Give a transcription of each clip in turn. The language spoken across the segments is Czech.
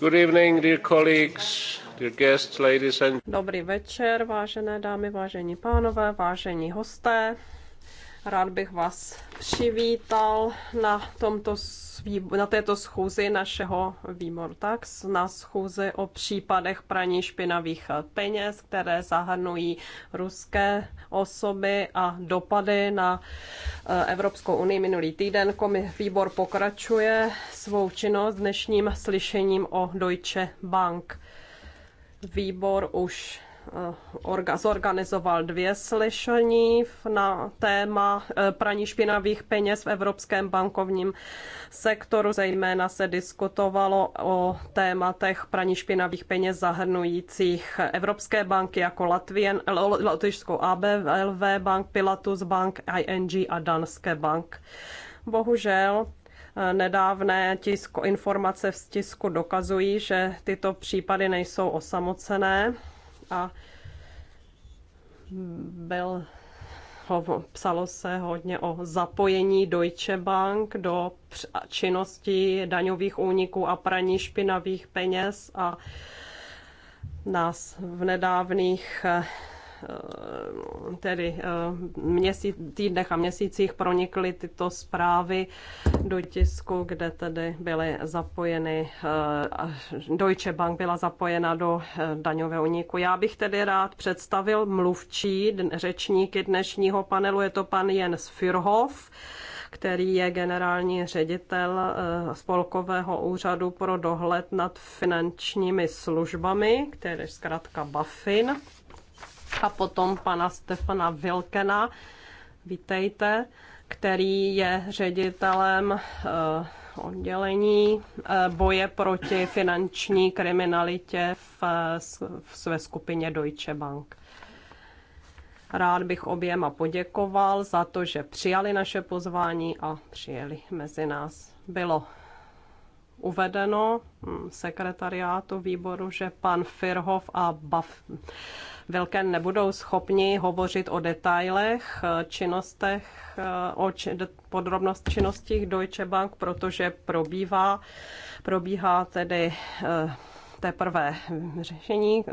Good evening, dear colleagues, dear guests, ladies and... Dobrý večer, vážené dámy, vážení pánové, vážení hosté. Rád bych vás přivítal na, tomto, na této schůzi našeho výboru tax, na schůzi o případech praní špinavých peněz, které zahrnují ruské osoby a dopady na eh, Evropskou unii minulý týden. Výbor pokračuje svou činnost dnešním slyšením o Deutsche Bank. Výbor už Eh, orga, zorganizoval dvě slyšení na téma eh, praní špinavých peněz v evropském bankovním sektoru. Zejména se diskutovalo o tématech praní špinavých peněz zahrnujících evropské banky jako Latvien, Latvijskou ABLV bank, Pilatus bank, ING a Danske bank. Bohužel eh, nedávné tisko, informace v tisku dokazují, že tyto případy nejsou osamocené a byl psalo se hodně o zapojení Deutsche Bank do činnosti daňových úniků a praní špinavých peněz a nás v nedávných eh, Eh, tedy eh, měsíc, týdnech a měsících pronikly tyto zprávy do tisku, kde tedy byly zapojeny, eh, Deutsche Bank byla zapojena do daňového úniku. Já bych tedy rád představil mluvčí řečníky dnešního panelu, je to pan Jens Fürhoff, který je generální ředitel Spolkového úřadu pro dohled nad finančními službami, který je zkrátka BaFin a potom pana Stefana Vilkena, vítejte, který je ředitelem eh, oddělení eh, boje proti finanční kriminalitě v, v své skupině Deutsche Bank. Rád bych oběma poděkoval za to, že přijali naše pozvání a přijeli mezi nás. Bylo uvedeno hm, sekretariátu výboru, že pan Firhov a Baf, velké nebudou schopni hovořit o detailech, činnostech, o či, podrobnost činností Deutsche Bank, protože probíhá, probíhá tedy eh, teprve řešení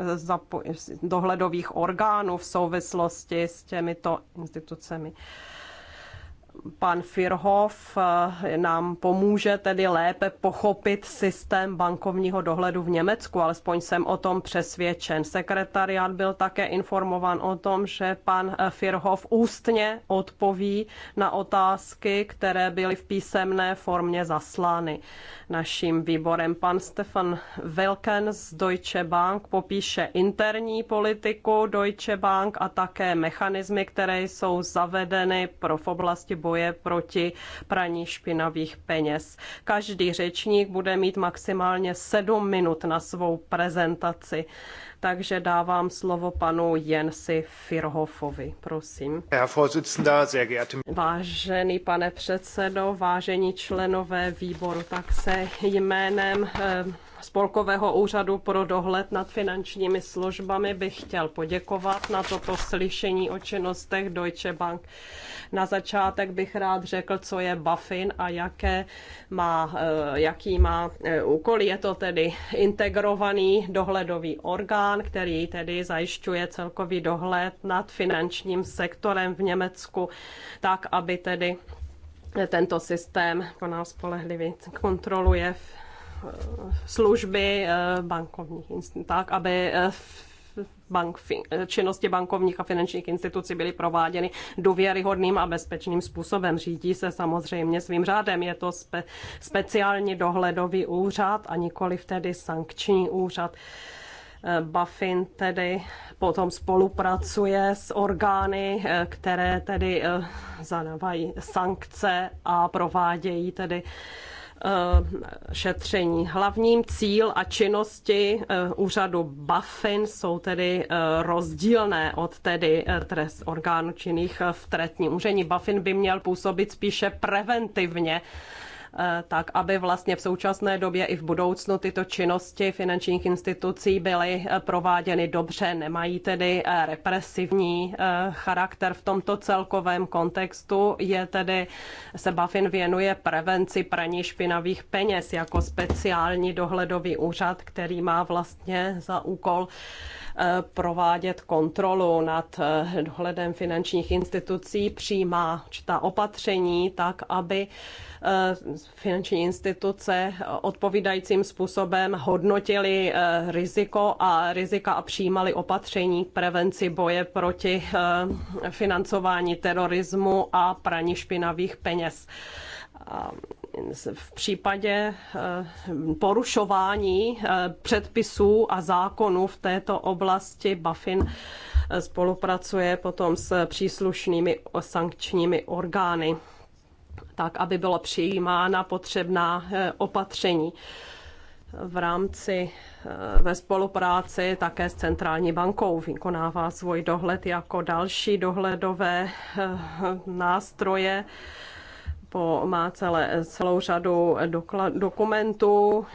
dohledových orgánů v souvislosti s těmito institucemi pan Firhov eh, nám pomůže tedy lépe pochopit systém bankovního dohledu v Německu, alespoň jsem o tom přesvědčen. Sekretariát byl také informován o tom, že pan eh, Firhov ústně odpoví na otázky, které byly v písemné formě zaslány naším výborem. Pan Stefan Wilken z Deutsche Bank popíše interní politiku Deutsche Bank a také mechanismy, které jsou zavedeny pro v oblasti boje proti praní špinavých peněz. Každý řečník bude mít maximálně sedm minut na svou prezentaci, takže dávám slovo panu Jensi Firhofovi. Prosím. Vážený pane předsedo, vážení členové výboru, tak se jménem eh, Spolkového úřadu pro dohled nad finančními službami bych chtěl poděkovat na toto slyšení o činnostech Deutsche Bank. Na začátek bych rád řekl, co je BaFin a jaké má, eh, jaký má eh, úkol. Je to tedy integrovaný dohledový orgán, který tedy zajišťuje celkový dohled nad finančním sektorem v Německu, tak aby tedy tento systém po nás spolehlivě kontroluje služby eh, bankovních tak, aby eh, bank, činnosti bankovních a finančních institucí byly prováděny důvěryhodným a bezpečným způsobem. Řídí se samozřejmě svým řádem. Je to spe, speciální dohledový úřad a nikoli tedy sankční úřad. Eh, Buffin tedy potom spolupracuje s orgány, které tedy zadávají sankce a provádějí tedy Eh, šetření. Hlavním cíl a činnosti eh, úřadu BaFin jsou tedy eh, rozdílné od tedy trest orgánů činných v trestním úření. BaFin by měl působit spíše preventivně Eh, tak aby vlastně v současné době i v budoucnu tyto činnosti finančních institucí byly eh, prováděny dobře, nemají tedy eh, represivní charakter v tomto celkovém kontextu. Je tedy, se Bafin věnuje prevenci praní špinavých peněz jako speciální dohledový úřad, který má vlastně za úkol provádět kontrolu nad eh, dohledem finančních institucí, přijímá ta opatření tak, aby eh, finanční instituce odpovídajícím způsobem hodnotili eh, riziko a rizika a přijímali opatření k prevenci boje proti financování terorismu a praní špinavých peněz v případě eh, porušování eh, předpisů a zákonů v této oblasti Bafin eh, spolupracuje potom s příslušnými sankčními orgány, tak aby bylo přijímána potřebná opatření v rámci ve spolupráci také s Centrální bankou vykonává svůj dohled jako další dohledové nástroje po, má celé, celou řadu dokla, dokumentů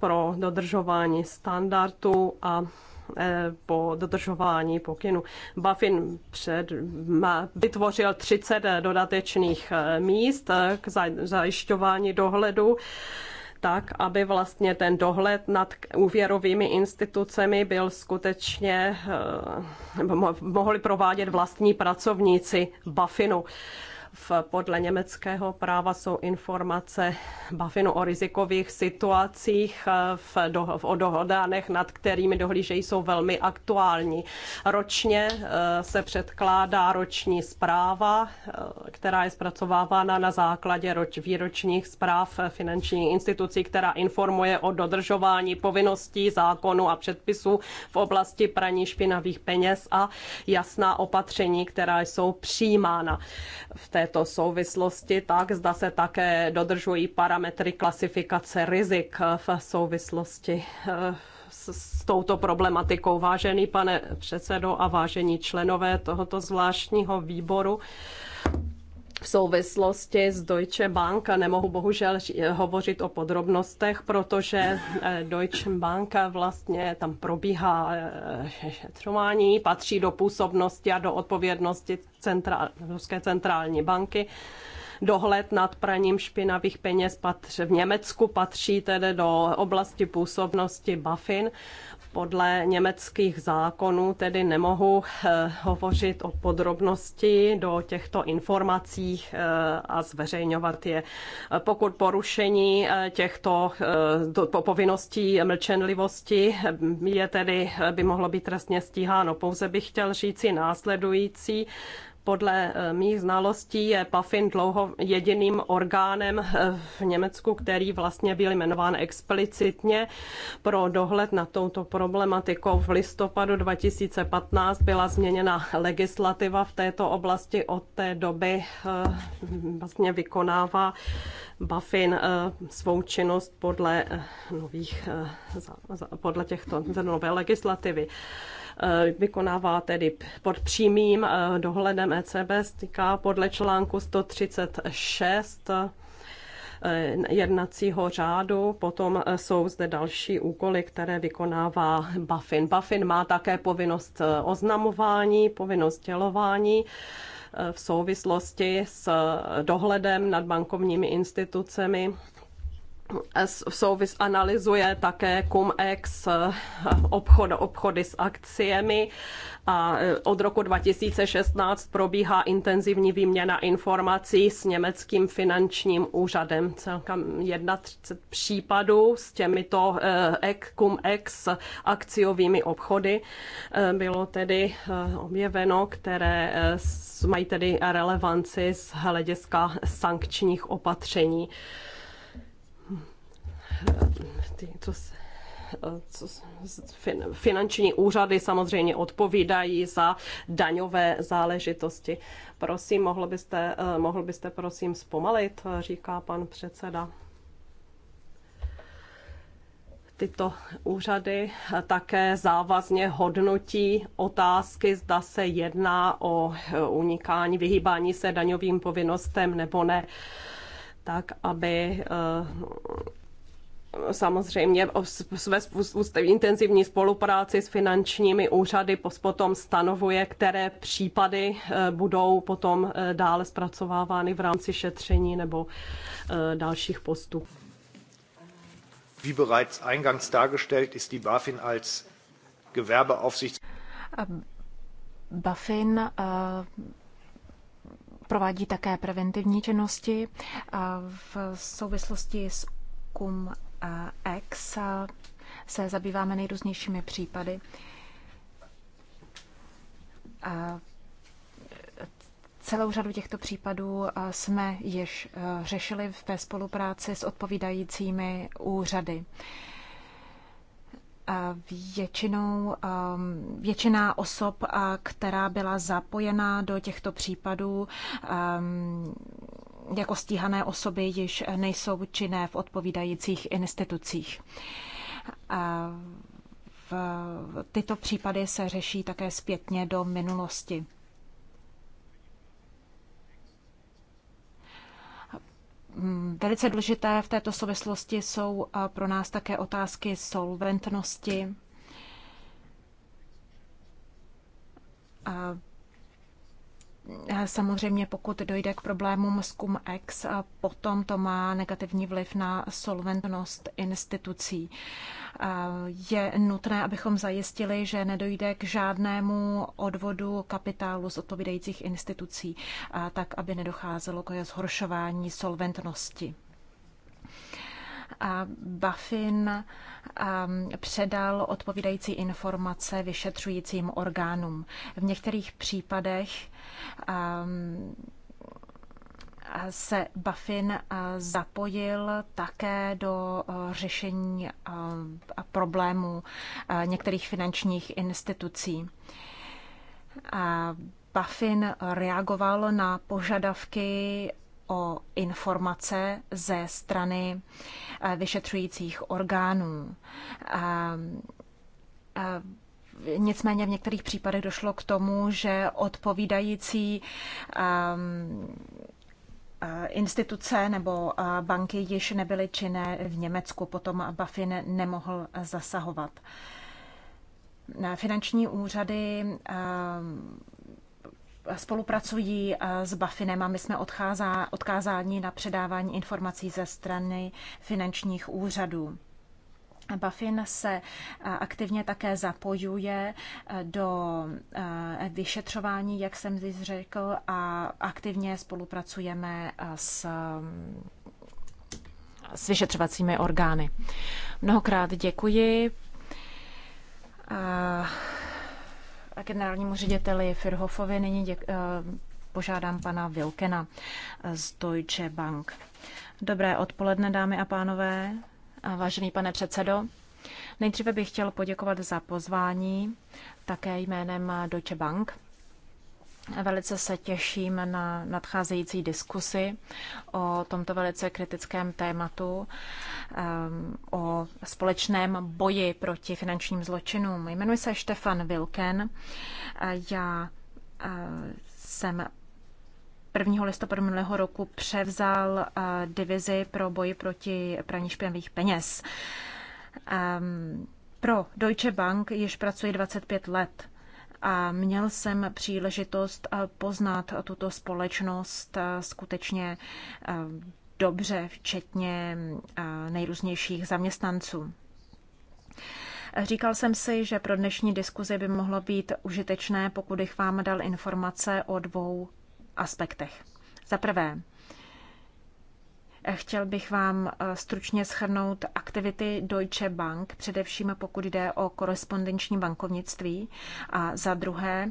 pro dodržování standardů a e, po dodržování pokynu. Buffin před, má, vytvořil 30 dodatečných e, míst e, k zajišťování dohledu tak, aby vlastně ten dohled nad úvěrovými institucemi byl skutečně, mohli provádět vlastní pracovníci Buffinu v, podle německého práva jsou informace Buffinu o rizikových situacích eh, v, do, v, o dohodánech, nad kterými dohlížejí, jsou velmi aktuální. Ročně eh, se předkládá roční zpráva, eh, která je zpracovávána na základě roč, výročních zpráv finanční institucí, která informuje o dodržování povinností, zákonu a předpisů v oblasti praní špinavých peněz a jasná opatření, která jsou přijímána v té této souvislosti, tak zda se také dodržují parametry klasifikace rizik v souvislosti eh, s touto problematikou. Vážený pane předsedo a vážení členové tohoto zvláštního výboru, v souvislosti s Deutsche Bank nemohu bohužel hovořit o podrobnostech, protože eh, Deutsche Bank vlastně tam probíhá šetřování, eh, patří do působnosti a do odpovědnosti centra, Ruské centrální banky. Dohled nad praním špinavých peněz patří, v Německu patří tedy do oblasti působnosti BaFin podle německých zákonů tedy nemohu eh, hovořit o podrobnosti do těchto informací eh, a zveřejňovat je. Pokud porušení eh, těchto povinností mlčenlivosti je tedy, by mohlo být trestně stíháno. Pouze bych chtěl říci následující. Podle eh, mých znalostí je PAFIN dlouho jediným orgánem eh, v Německu, který vlastně byl jmenován explicitně pro dohled na touto problematikou. V listopadu 2015 byla změněna legislativa v této oblasti. Od té doby eh, vlastně vykonává BaFin svou činnost podle nových, podle těchto nové legislativy. Eh, vykonává tedy pod přímým eh, dohledem ECB, stýká podle článku 136 eh, jednacího řádu. Potom jsou zde další úkoly, které vykonává Bafin. Bafin má také povinnost oznamování, povinnost dělování v souvislosti s dohledem nad bankovními institucemi souvis analyzuje také cum-ex eh, obchod, obchody s akciemi a eh, od roku 2016 probíhá intenzivní výměna informací s německým finančním úřadem. Celkem 31 případů s těmito eh, cum-ex akciovými obchody bylo tedy objeveno, které mají tedy relevanci z hlediska sankčních opatření ty, co se finanční úřady samozřejmě odpovídají za daňové záležitosti. Prosím, mohl byste, eh, mohl byste prosím zpomalit, eh, říká pan předseda. Tyto úřady eh, také závazně hodnotí otázky, zda se jedná o unikání, vyhýbání se daňovým povinnostem nebo ne, tak aby samozřejmě ve intenzivní spolupráci s finančními úřady potom stanovuje, které případy eh, budou potom eh, dále zpracovávány v rámci šetření nebo eh, dalších postupů. Wie bereits eingangs dargestellt, ist die BaFin als Gewerbeaufsichts... BaFin uh, provádí také preventivní činnosti uh, v souvislosti s výzkum X se zabýváme nejrůznějšími případy. Celou řadu těchto případů jsme již e, řešili ve spolupráci s odpovídajícími úřady. Většinou, většina osob, která byla zapojená do těchto případů, jako stíhané osoby již nejsou činné v odpovídajících institucích. V tyto případy se řeší také zpětně do minulosti. Velice důležité v této souvislosti jsou eh, pro nás také otázky solventnosti. Samozřejmě pokud dojde k problémům s cum-ex, potom to má negativní vliv na solventnost institucí. Je nutné, abychom zajistili, že nedojde k žádnému odvodu kapitálu z odpovídajících institucí, tak aby nedocházelo k zhoršování solventnosti. Bafin um, předal odpovídající informace vyšetřujícím orgánům. V některých případech um, se Bafin uh, zapojil také do uh, řešení uh, problémů některých finančních institucí. Bafin reagoval na požadavky o informace ze strany eh, vyšetřujících orgánů. Eh, eh, nicméně v některých případech došlo k tomu, že odpovídající ehm, instituce nebo banky již nebyly činné v Německu, potom Bafin nemohl zasahovat. Finanční úřady ehm, spolupracují eh, s Bafinem a my jsme odkázáni na předávání informací ze strany finančních úřadů. Bafin se eh, aktivně také zapojuje eh, do vyšetřování, jak jsem již řekl, a aktivně spolupracujeme s, s vyšetřovacími orgány. Mnohokrát děkuji generálnímu řediteli Firhofovi. Nyní děk, eh, požádám pana Vilkena eh, z Deutsche Bank. Dobré odpoledne, dámy a pánové. A vážený pane předsedo, nejdříve bych chtěl poděkovat za pozvání, také jménem Deutsche Bank. Velice se těším na nadcházející diskusy o tomto velice kritickém tématu, ehm, o společném boji proti finančním zločinům. Jmenuji se Štefan Vilken. Já e, jsem 1. listopadu minulého roku převzal e, divizi pro boji proti praní špinavých peněz. Ehm, pro Deutsche Bank již pracuji 25 let a měl jsem příležitost eh, poznat tuto společnost eh, skutečně eh, dobře, včetně nejrůznějších zaměstnanců. Říkal jsem si, že pro dnešní diskuzi by mohlo být užitečné, pokud bych vám dal informace o dvou aspektech. Za prvé, Chtěl bych vám eh, stručně schrnout aktivity Deutsche Bank, především pokud jde o korespondenční bankovnictví. A za druhé,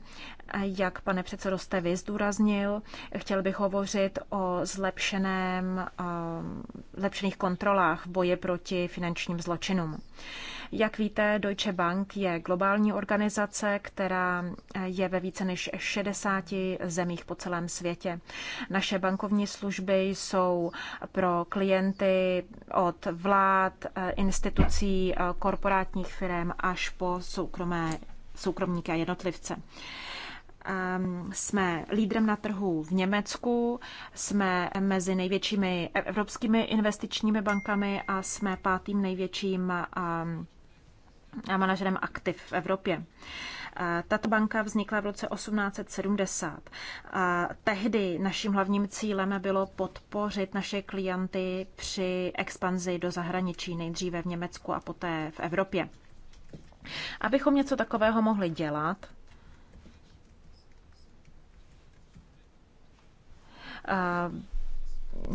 eh, jak pane předsedo jste vy zdůraznil, chtěl bych hovořit o zlepšeném, eh, zlepšených kontrolách v boji proti finančním zločinům. Jak víte, Deutsche Bank je globální organizace, která je ve více než 60 zemích po celém světě. Naše bankovní služby jsou pro klienty od vlád, institucí, korporátních firm až po soukromé, soukromníky a jednotlivce ehm, jsme lídrem na trhu v Německu, jsme mezi největšími evropskými investičními bankami a jsme pátým největším ehm, a manažerem aktiv v Evropě. Tato banka vznikla v roce 1870. A tehdy naším hlavním cílem bylo podpořit naše klienty při expanzi do zahraničí, nejdříve v Německu a poté v Evropě. Abychom něco takového mohli dělat,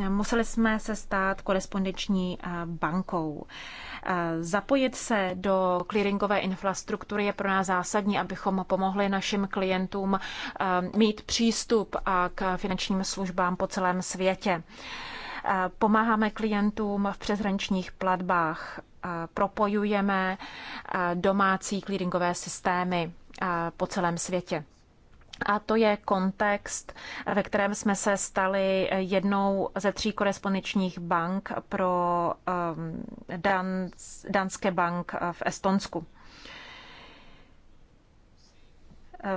museli jsme se stát korespondenční eh, bankou. Eh, zapojit se do clearingové infrastruktury je pro nás zásadní, abychom pomohli našim klientům eh, mít přístup k finančním službám po celém světě. Pomáháme klientům v přeshraničních platbách, propojujeme domácí clearingové systémy po celém světě. A to je kontext, ve kterém jsme se stali jednou ze tří korespondenčních bank pro um, Dans, Danské bank v Estonsku.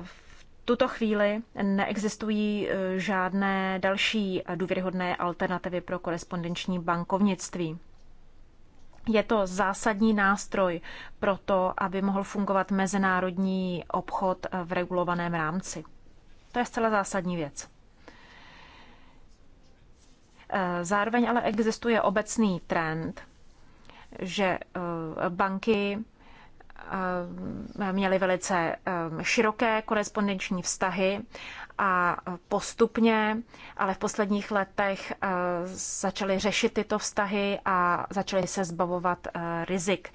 V tuto chvíli neexistují e, žádné další důvěryhodné alternativy pro korespondenční bankovnictví. Je to zásadní nástroj pro to, aby mohl fungovat mezinárodní obchod v regulovaném rámci. To je zcela zásadní věc. Eh, zároveň ale existuje obecný trend, že eh, banky eh, měly velice široké korespondenční vztahy a postupně, ale v posledních letech začaly řešit tyto vztahy a začaly se zbavovat rizik.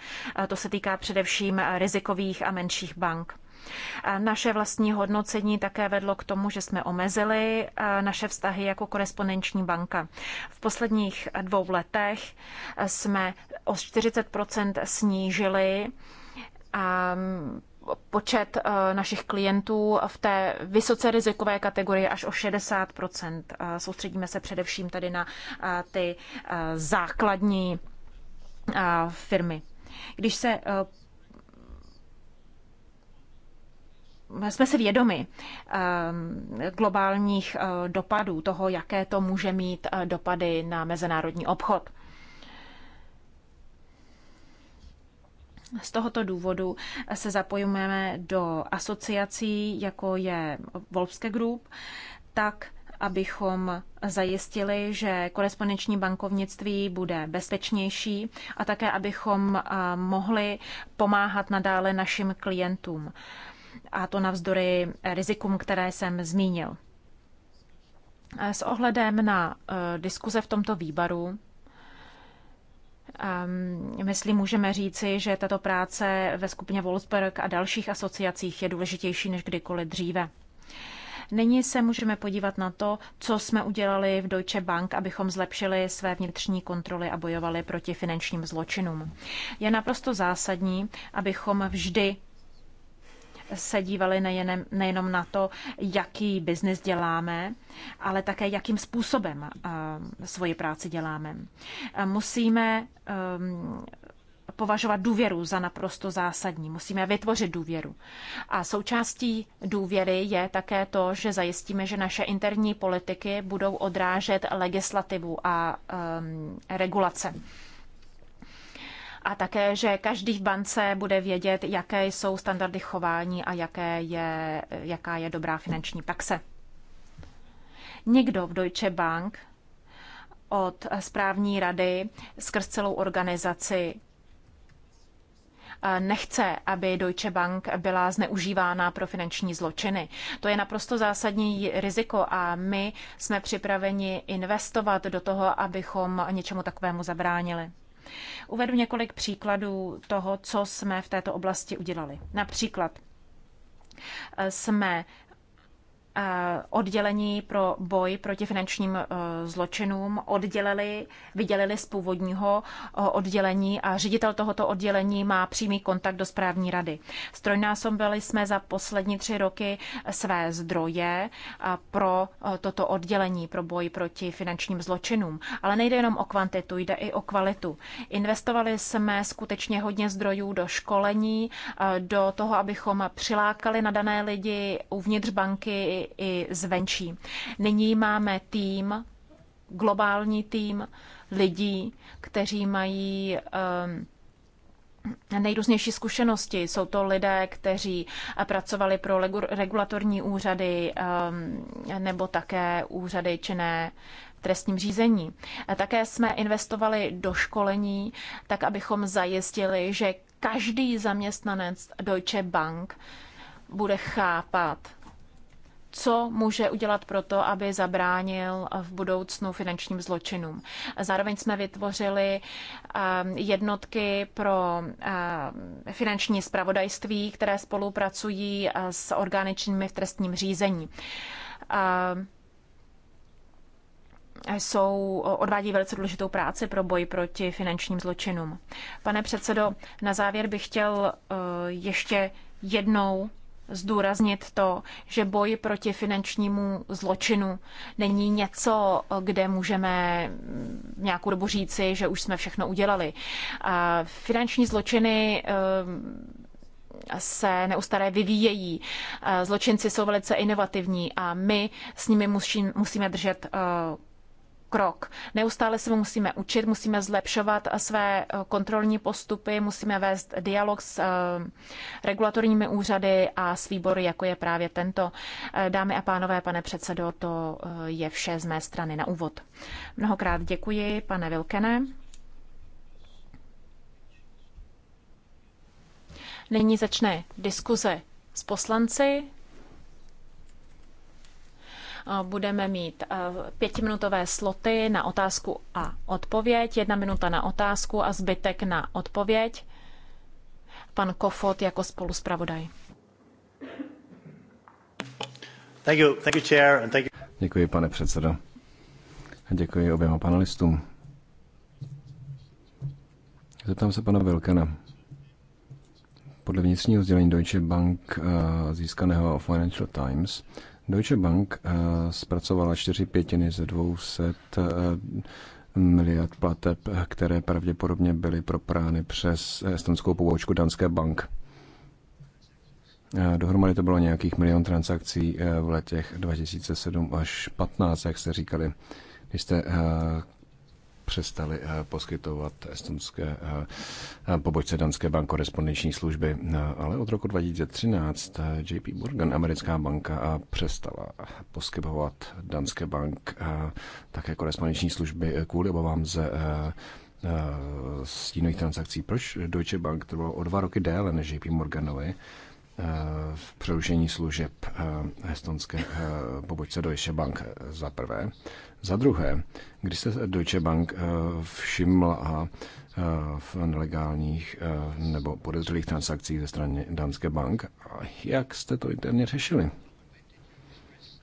To se týká především rizikových a menších bank. Naše vlastní hodnocení také vedlo k tomu, že jsme omezili naše vztahy jako korespondenční banka. V posledních dvou letech jsme o 40 snížili počet našich klientů v té vysoce rizikové kategorii až o 60 Soustředíme se především tady na ty základní firmy. Když se jsme si vědomi eh, globálních eh, dopadů, toho, jaké to může mít eh, dopady na mezinárodní obchod. Z tohoto důvodu se zapojujeme do asociací, jako je Wolfske Group, tak, abychom zajistili, že korespondenční bankovnictví bude bezpečnější a také, abychom mohli pomáhat nadále našim klientům a to navzdory rizikům, které jsem zmínil. S ohledem na e, diskuze v tomto výbaru, myslím, můžeme říci, že tato práce ve skupině Wolfsburg a dalších asociacích je důležitější než kdykoliv dříve. Nyní se můžeme podívat na to, co jsme udělali v Deutsche Bank, abychom zlepšili své vnitřní kontroly a bojovali proti finančním zločinům. Je naprosto zásadní, abychom vždy se dívali nejen, nejenom na to, jaký biznis děláme, ale také jakým způsobem eh, svoji práci děláme. Eh, musíme eh, považovat důvěru za naprosto zásadní. Musíme vytvořit důvěru. A součástí důvěry je také to, že zajistíme, že naše interní politiky budou odrážet legislativu a um, regulace a také, že každý v bance bude vědět, jaké jsou standardy chování a jaké je, jaká je dobrá finanční praxe. Někdo v Deutsche Bank od správní rady skrz celou organizaci eh, nechce, aby Deutsche Bank byla zneužívána pro finanční zločiny. To je naprosto zásadní riziko a my jsme připraveni investovat do toho, abychom něčemu takovému zabránili. Uvedu několik příkladů toho, co jsme v této oblasti udělali. Například eh, jsme Eh, oddělení pro boj proti finančním eh, zločinům oddělili, vydělili z původního eh, oddělení a ředitel tohoto oddělení má přímý kontakt do správní rady. Strojnásobili jsme za poslední tři roky své zdroje pro toto oddělení pro boj proti finančním zločinům. Ale nejde jenom o kvantitu, jde i o kvalitu. Investovali jsme skutečně hodně zdrojů do školení, do toho, abychom přilákali na dané lidi uvnitř banky i zvenčí. Nyní máme tým, globální tým lidí, kteří mají um, nejrůznější zkušenosti. Jsou to lidé, kteří eh, pracovali pro regulatorní úřady ehm, nebo také úřady činné trestním řízení. Také jsme investovali do školení, tak abychom zajistili, že každý zaměstnanec Deutsche Bank bude chápat co může udělat proto, aby zabránil v budoucnu finančním zločinům. Zároveň jsme vytvořili um, jednotky pro um, finanční spravodajství, které spolupracují uh, s orgány v trestním řízení. Um, jsou, odvádí velice důležitou práci pro boj proti finančním zločinům. Pane předsedo, na závěr bych chtěl uh, ještě jednou zdůraznit to, že boj proti finančnímu zločinu není něco, kde můžeme nějakou dobu říci, že už jsme všechno udělali. A finanční zločiny eh, se neustále vyvíjejí. Eh, zločinci jsou velice inovativní a my s nimi musíme držet eh, krok. Neustále se musíme učit, musíme zlepšovat své eh, kontrolní postupy, musíme vést dialog s eh, regulatorními úřady a s výbory, jako je právě tento. Eh, dámy a pánové, pane předsedo, to je vše z mé strany na úvod. Mnohokrát děkuji, pane Vilkene. Nyní začne diskuze s poslanci budeme mít eh, pětiminutové sloty na otázku a odpověď, jedna minuta na otázku a zbytek na odpověď. Pan Kofot jako spoluspravodaj. Thank you, thank you, chair, and thank you. Děkuji, pane předsedo. A děkuji oběma panelistům. Zeptám se pana Vilkana. Podle vnitřního sdělení Deutsche Bank eh, získaného Financial Times Deutsche Bank eh, zpracovala čtyři pětiny ze 200 eh, miliard plateb, které pravděpodobně byly proprány přes estonskou pobočku Danské bank. Eh, dohromady to bylo nějakých milion transakcí v letech 2007 až 15, jak jste říkali. Když jste přestali eh, poskytovat estonské eh, eh, pobočce Danské bankorespondenční služby. Ale od roku 2013 JP Morgan, americká banka, přestala poskytovat Danské bank také korespondenční služby kvůli obavám ze stínových transakcí. Proč Deutsche Bank trvalo o dva roky déle než JP Morganovi? v přerušení služeb eh, estonské eh, pobočce Deutsche Bank eh, za prvé. Za druhé, když se Deutsche Bank všimla v nelegálních nebo podezřelých transakcích ze strany Danske bank, jak jste to interně řešili?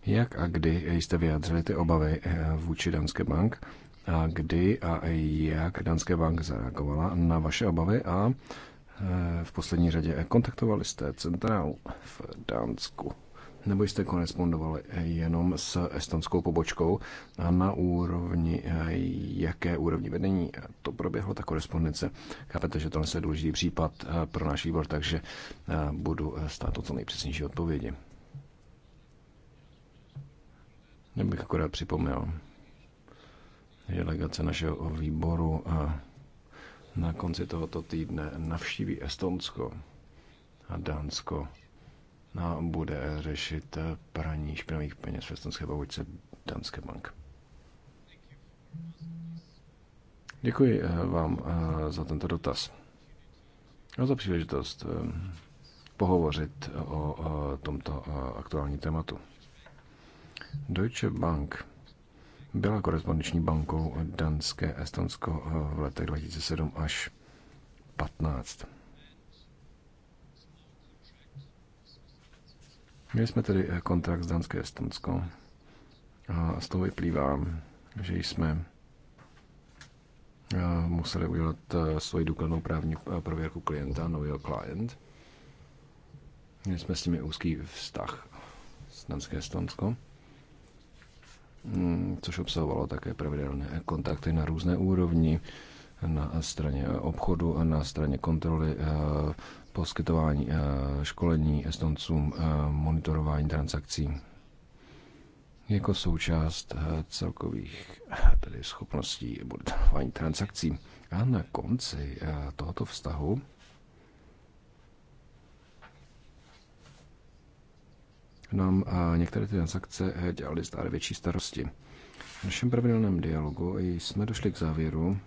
Jak a kdy jste vyjádřili ty obavy vůči Danske bank? A kdy a jak Danske bank zareagovala na vaše obavy a Eh, v poslední řadě eh, kontaktovali jste centrálu v Dánsku nebo jste korespondovali eh, jenom s estonskou pobočkou a na úrovni, jaké úrovni vedení to proběhlo, ta korespondence. Chápete, že tohle je důležitý případ pro náš výbor, takže budu stát o co nejpřesnější odpovědi. Já bych akorát připomněl, že delegace našeho výboru a na konci tohoto týdne navštíví Estonsko a Dánsko a bude řešit praní špinavých peněz v estonské pobočce Danske Bank. Děkuji eh, vám eh, za tento dotaz a za příležitost eh, pohovořit o tomto aktuální tématu. Deutsche Bank byla korespondenční bankou Danské Estonsko eh, v letech 2007 až 15. Měli jsme tedy eh, kontrakt s Danské Estonsko a z toho vyplývá, že jsme eh, museli udělat svoji důkladnou právní prověrku klienta, nového klient. client. Měli jsme s nimi úzký vztah s Danské Estonsko. Mm, což obsahovalo také pravidelné kontakty na různé úrovni, na straně obchodu, a na straně kontroly, eh, poskytování eh, školení estoncům, eh, monitorování transakcí jako součást celkových tedy schopností monitorování transakcí. A na konci tohoto vztahu nám některé ty transakce eh, dělaly stále větší starosti. V našem pravidelném dialogu jsme došli k závěru,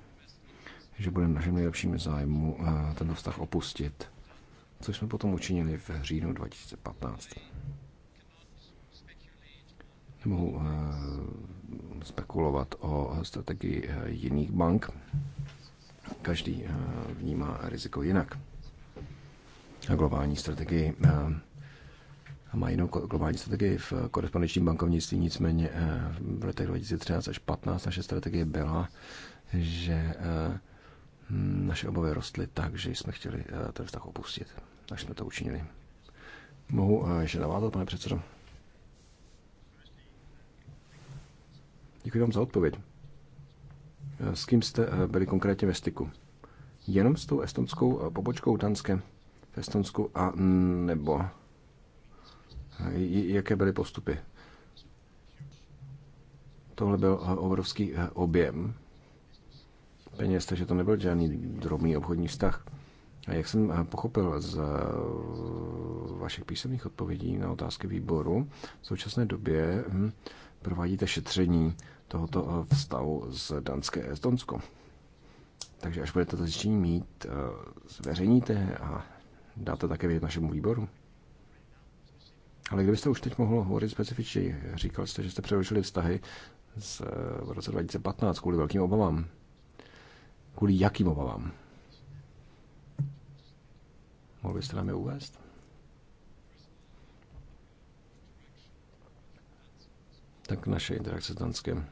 že bude našem nejlepším zájmu eh, tento vztah opustit, což jsme potom učinili v říjnu 2015. Nemohu eh, spekulovat o strategii jiných bank. Každý vnímá riziko jinak. A globální strategii a má jinou globální strategii v korespondenčním bankovnictví, nicméně eh, v letech 2013 až 2015 naše strategie byla, že eh, naše obavy rostly tak, že jsme chtěli eh, ten vztah opustit, až jsme to učinili. Mohu ještě navázat, pane předsedo? Děkuji vám za odpověď. S kým jste byli konkrétně ve styku? Jenom s tou estonskou pobočkou Danske v Estonsku a mm, nebo Jaké byly postupy? Tohle byl eh, obrovský eh, objem peněz, takže to nebyl žádný drobný obchodní vztah. A jak jsem eh, pochopil z vašich písemných odpovědí na otázky výboru, v současné době hm, provádíte šetření tohoto vztahu z Danské Estonsko. Takže až budete to zjištění mít, zveřejníte a dáte také vědět našemu výboru. Ale kdybyste už teď mohl hovořit specificky, říkal jste, že jste přerušili vztahy z, v roce 2015 kvůli velkým obavám. Kvůli jakým obavám? Mohl byste nám je uvést? Tak naše interakce s Danskem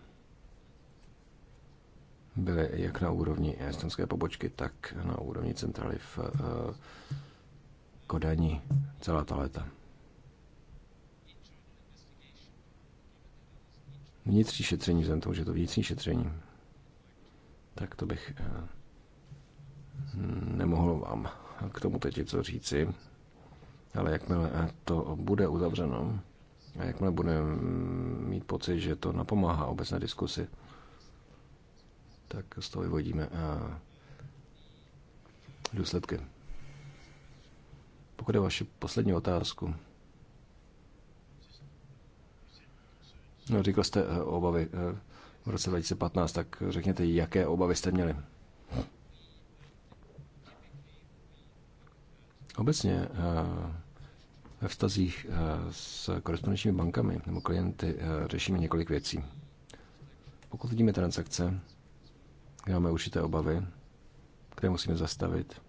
byly jak na úrovni estonské pobočky, tak na úrovni centrály v uh, Kodani celá ta léta. vnitřní šetření, vzhledem tomu, že to vnitřní šetření, tak to bych eh, nemohl vám k tomu teď co říci, ale jakmile eh, to bude uzavřeno a jakmile budeme mít pocit, že to napomáhá obecné diskusi, tak z toho vyvodíme eh, důsledky. Pokud je vaše poslední otázku, No, říkal jste eh, obavy eh, v roce 2015, tak řekněte, jaké obavy jste měli? Obecně eh, ve vztazích s korespondenčními bankami nebo klienty řešíme několik věcí. Pokud vidíme transakce, kde máme určité obavy, které musíme zastavit,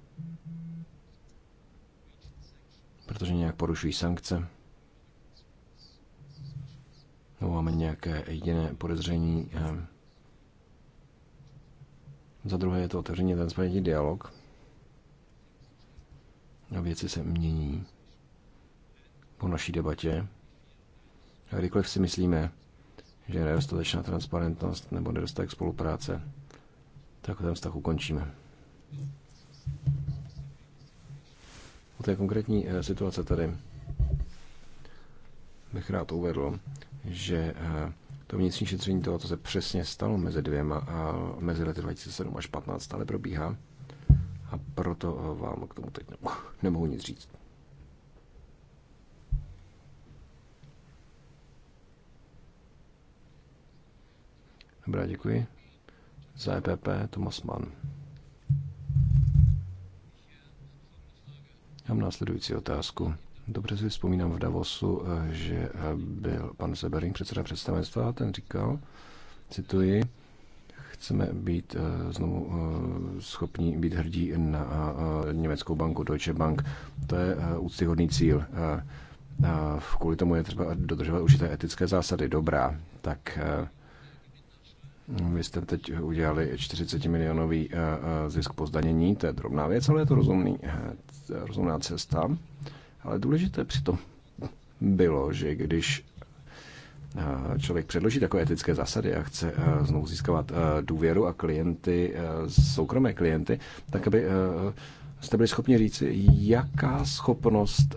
protože nějak porušují sankce, nebo máme nějaké jediné podezření. Eh. Za druhé je to otevřeně transparentní dialog. A věci se mění po naší debatě. A kdykoliv si myslíme, že je nedostatečná transparentnost nebo nedostatek spolupráce, tak ten vztah ukončíme. U té konkrétní eh, situace tady bych rád uvedl, že eh, to vnitřní šetření toho, co se přesně stalo mezi dvěma, a mezi lety 2007 až 2015 stále probíhá a proto eh, vám k tomu teď nemohu, nemohu nic říct. Dobrá, děkuji. Za EPP Tomas Mann. Mám následující otázku. Dobře si vzpomínám v Davosu, eh, že eh, byl pan Sebering předseda představenstva a ten říkal, cituji, chceme být eh, znovu schopni být hrdí na německou banku Deutsche Bank. To je úctyhodný cíl. Kvůli tomu je třeba dodržovat určité etické zásady. Dobrá, tak vy jste teď udělali 40 milionový zisk po zdanění, to je drobná věc, ale je to rozumný, rozumná cesta. Ale důležité přitom bylo, že když eh, člověk předloží takové etické zásady a chce eh, znovu získávat eh, důvěru a klienty, soukromé klienty, tak aby jste byli schopni říct, jaká schopnost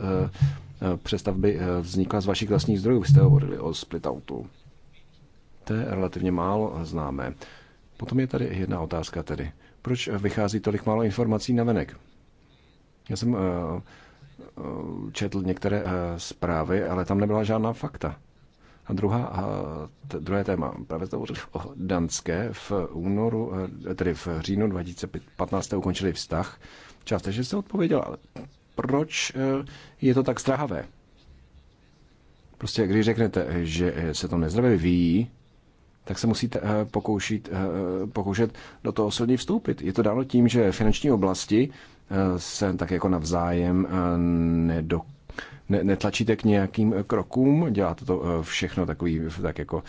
přestavby vznikla z vašich vlastních zdrojů. Vy jste hovorili o split outu. To je relativně málo známé. Potom je tady jedna otázka tedy. Proč vychází tolik málo informací na venek? Já jsem Eh, četl některé eh, zprávy, ale tam nebyla žádná fakta. A druhá, eh, t, druhé téma, právě to o Danské v únoru, tedy v říjnu 2015 ukončili vztah. Částečně jste odpověděl, ale proč je to tak strahavé? Prostě když řeknete, že se to nezdravě vyvíjí, tak se musíte pokoušet, pokoušet do toho silně vstoupit. Je to dáno tím, že finanční oblasti se tak jako navzájem eh, nedok netlačíte k nějakým krokům, děláte to eh, všechno takový, tak jako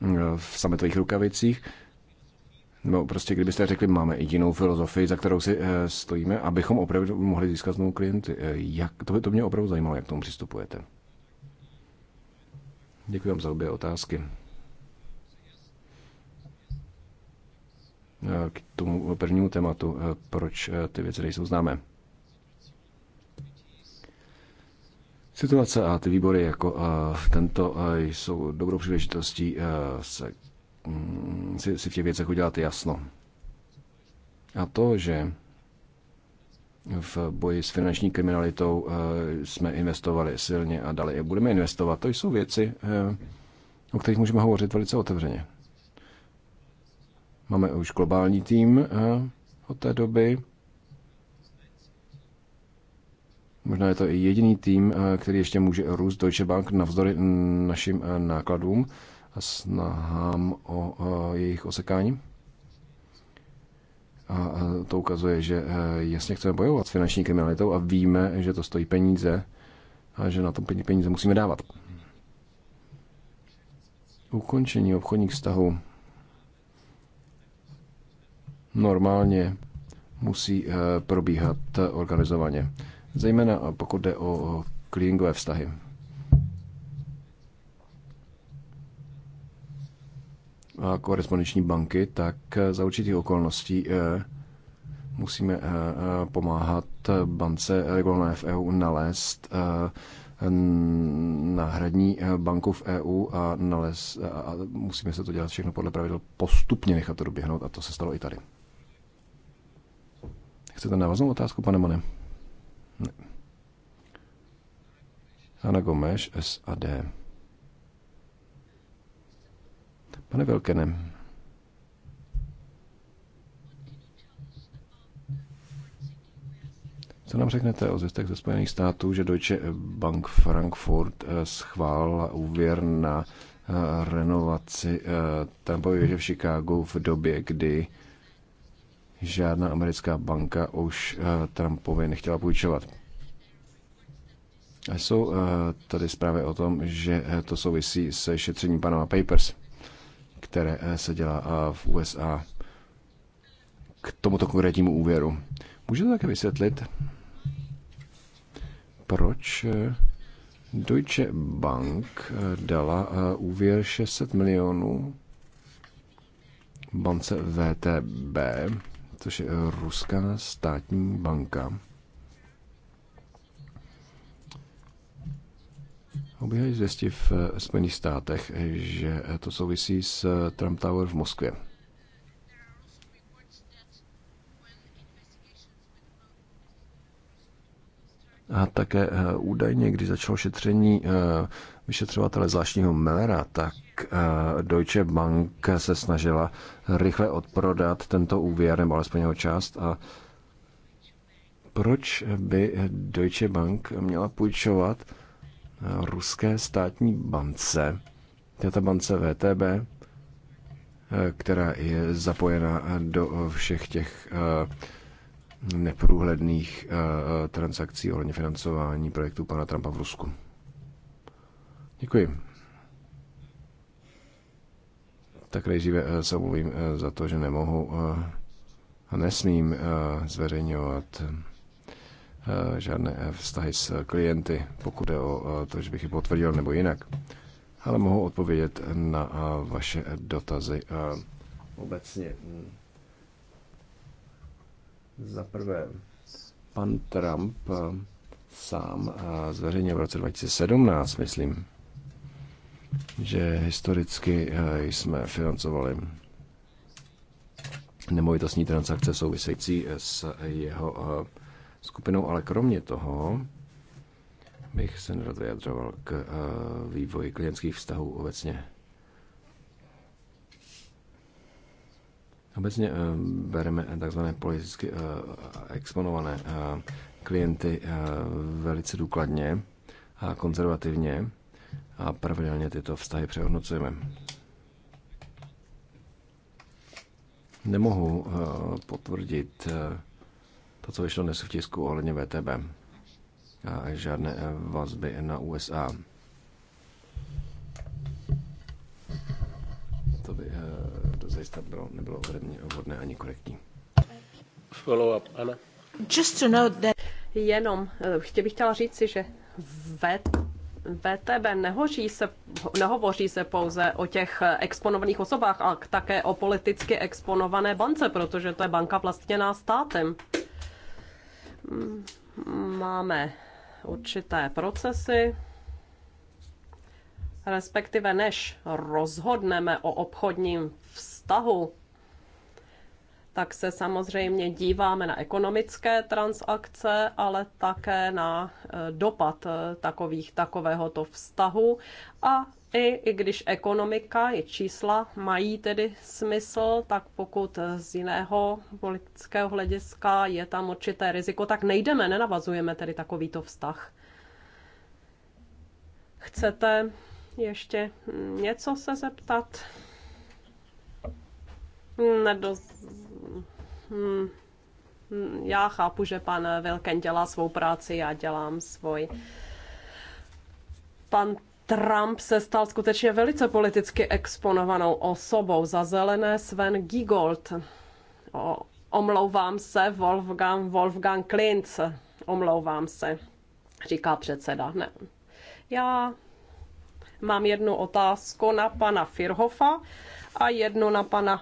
mm, v sametových rukavicích. No prostě, kdybyste řekli, máme jinou filozofii, za kterou si eh, stojíme, abychom opravdu mohli získat znovu klienty. Jak, to by to mě opravdu zajímalo, jak k tomu přistupujete. Děkuji vám za obě otázky. Eh, k tomu prvnímu tématu, eh, proč eh, ty věci nejsou známé. Situace a ty výbory jako tento jsou dobrou příležitostí se, mm, si, si v těch věcech udělat jasno. A to, že v boji s finanční kriminalitou jsme investovali silně a dali je budeme investovat, to jsou věci, o kterých můžeme hovořit velice otevřeně. Máme už globální tým eh, od té doby. Možná je to i jediný tým, eh, který ještě může růst Deutsche Bank navzdory mm, našim eh, nákladům a snahám o jejich osekání. A to ukazuje, že jasně chceme bojovat s finanční kriminalitou a víme, že to stojí peníze a že na tom peníze musíme dávat. Ukončení obchodních vztahů normálně musí eh, probíhat organizovaně. Zejména eh, pokud jde o clearingové vztahy. A korespondenční banky, tak eh, za určitých okolností musíme pomáhat bance regulované v EU nalézt náhradní banku v EU a, nalez, a musíme se to dělat všechno podle pravidel postupně nechat to doběhnout a to se stalo i tady. Chcete návaznou otázku, pane Mone? Ne. Ana Gomeš, SAD. Pane Velkene, Co nám řeknete o zvěstech ze Spojených států, že Deutsche Bank Frankfurt eh, schválila úvěr na eh, renovaci eh, tam věže v Chicagu v době, kdy žádná americká banka už eh, Trumpovi nechtěla půjčovat. Jsou eh, tady zprávy o tom, že eh, to souvisí se šetřením Panama Papers, které se dělá v USA k tomuto konkrétnímu úvěru. Můžete také vysvětlit, proč Deutsche Bank dala úvěr 600 milionů bance VTB což je eh, ruská státní banka. Obíhají zvěsti v eh, Spojených státech, eh, že to souvisí s Trump Tower v Moskvě. A také údajně, když začalo šetření vyšetřovatele zvláštního Mellera, tak Eh, Deutsche Bank se snažila rychle odprodat tento úvěr, nebo alespoň jeho část. A proč by Deutsche Bank měla půjčovat eh, ruské státní bance, této bance VTB, eh, která je zapojena do všech těch neprůhledných transakcí ohledně financování projektů pana Trumpa v Rusku. Děkuji. Tak nejdříve eh, se omluvím eh, za to, že nemohu eh, a nesmím zveřejňovat žádné vztahy s klienty, pokud je o to, že bych je potvrdil nebo jinak. Ale mohu odpovědět na vaše dotazy obecně. Za prvé, pan Trump sám zveřejnil v roce 2017, myslím, že historicky eh, jsme financovali nemovitostní transakce související eh, s jeho eh, skupinou, ale kromě toho bych se nerad vyjadřoval k vývoji klientských vztahů obecně. Obecně bereme tzv. politicky exponované klienty velice důkladně a konzervativně a pravidelně tyto vztahy přehodnocujeme. Nemohu eh, potvrdit eh, to, co vyšlo dnes v tisku ohledně VTB a žádné eh, vazby na USA. To by to zajista bylo, nebylo vhodné ani korektní. Follow-up, Anna. Just to note that... Jenom chtěl bych chtěla si, že VTB VTB nehoří se, nehovoří se pouze o těch exponovaných osobách, ale také o politicky exponované bance, protože to je banka vlastněná státem. Máme určité procesy, respektive než rozhodneme o obchodním vztahu, tak se samozřejmě díváme na ekonomické transakce, ale také na e, dopad e, takových, takovéhoto vztahu a i, i když ekonomika i čísla mají tedy smysl, tak pokud e, z jiného politického hlediska je tam určité riziko, tak nejdeme, nenavazujeme tedy takovýto vztah. Chcete ještě něco se zeptat? Nedoz... Hmm. já chápu, že pan Vilken dělá svou práci, já dělám svůj. Pan Trump se stal skutečně velice politicky exponovanou osobou. Za zelené Sven Giegold. O, omlouvám se, Wolfgang, Wolfgang Klintz. Omlouvám se, říká předseda. Ne. Já mám jednu otázku na pana Firhofa a jednu na pana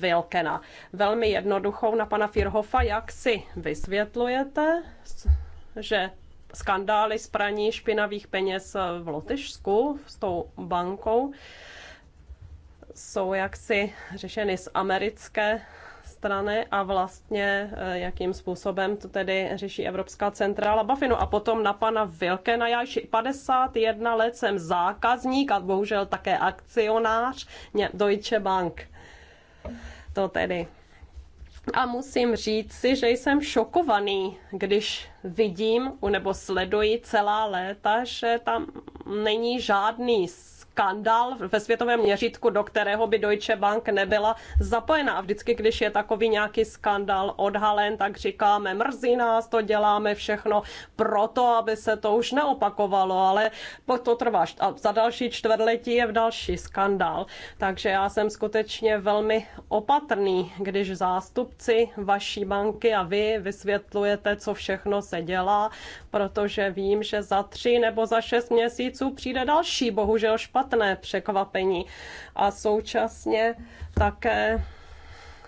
Vilkena. Velmi jednoduchou na pana Firhofa, jak si vysvětlujete, že skandály s praní špinavých peněz v Lotyšsku s tou bankou jsou jaksi řešeny z americké strany a vlastně eh, jakým způsobem to tedy řeší Evropská centrála Bafinu. A potom na pana Vilkena, já 51 let jsem zákazník a bohužel také akcionář Deutsche Bank. To tedy. A musím říct si, že jsem šokovaný, když vidím nebo sleduji celá léta, že tam není žádný skandál ve světovém měřítku, do kterého by Deutsche Bank nebyla zapojena. A vždycky, když je takový nějaký skandál odhalen, tak říkáme, mrzí nás, to děláme všechno proto, aby se to už neopakovalo, ale to trvá. A za další čtvrtletí je v další skandál. Takže já jsem skutečně velmi opatrný, když zástupci vaší banky a vy vysvětlujete, co všechno se dělá, protože vím, že za tři nebo za šest měsíců přijde další, bohužel špatný špatné překvapení. A současně také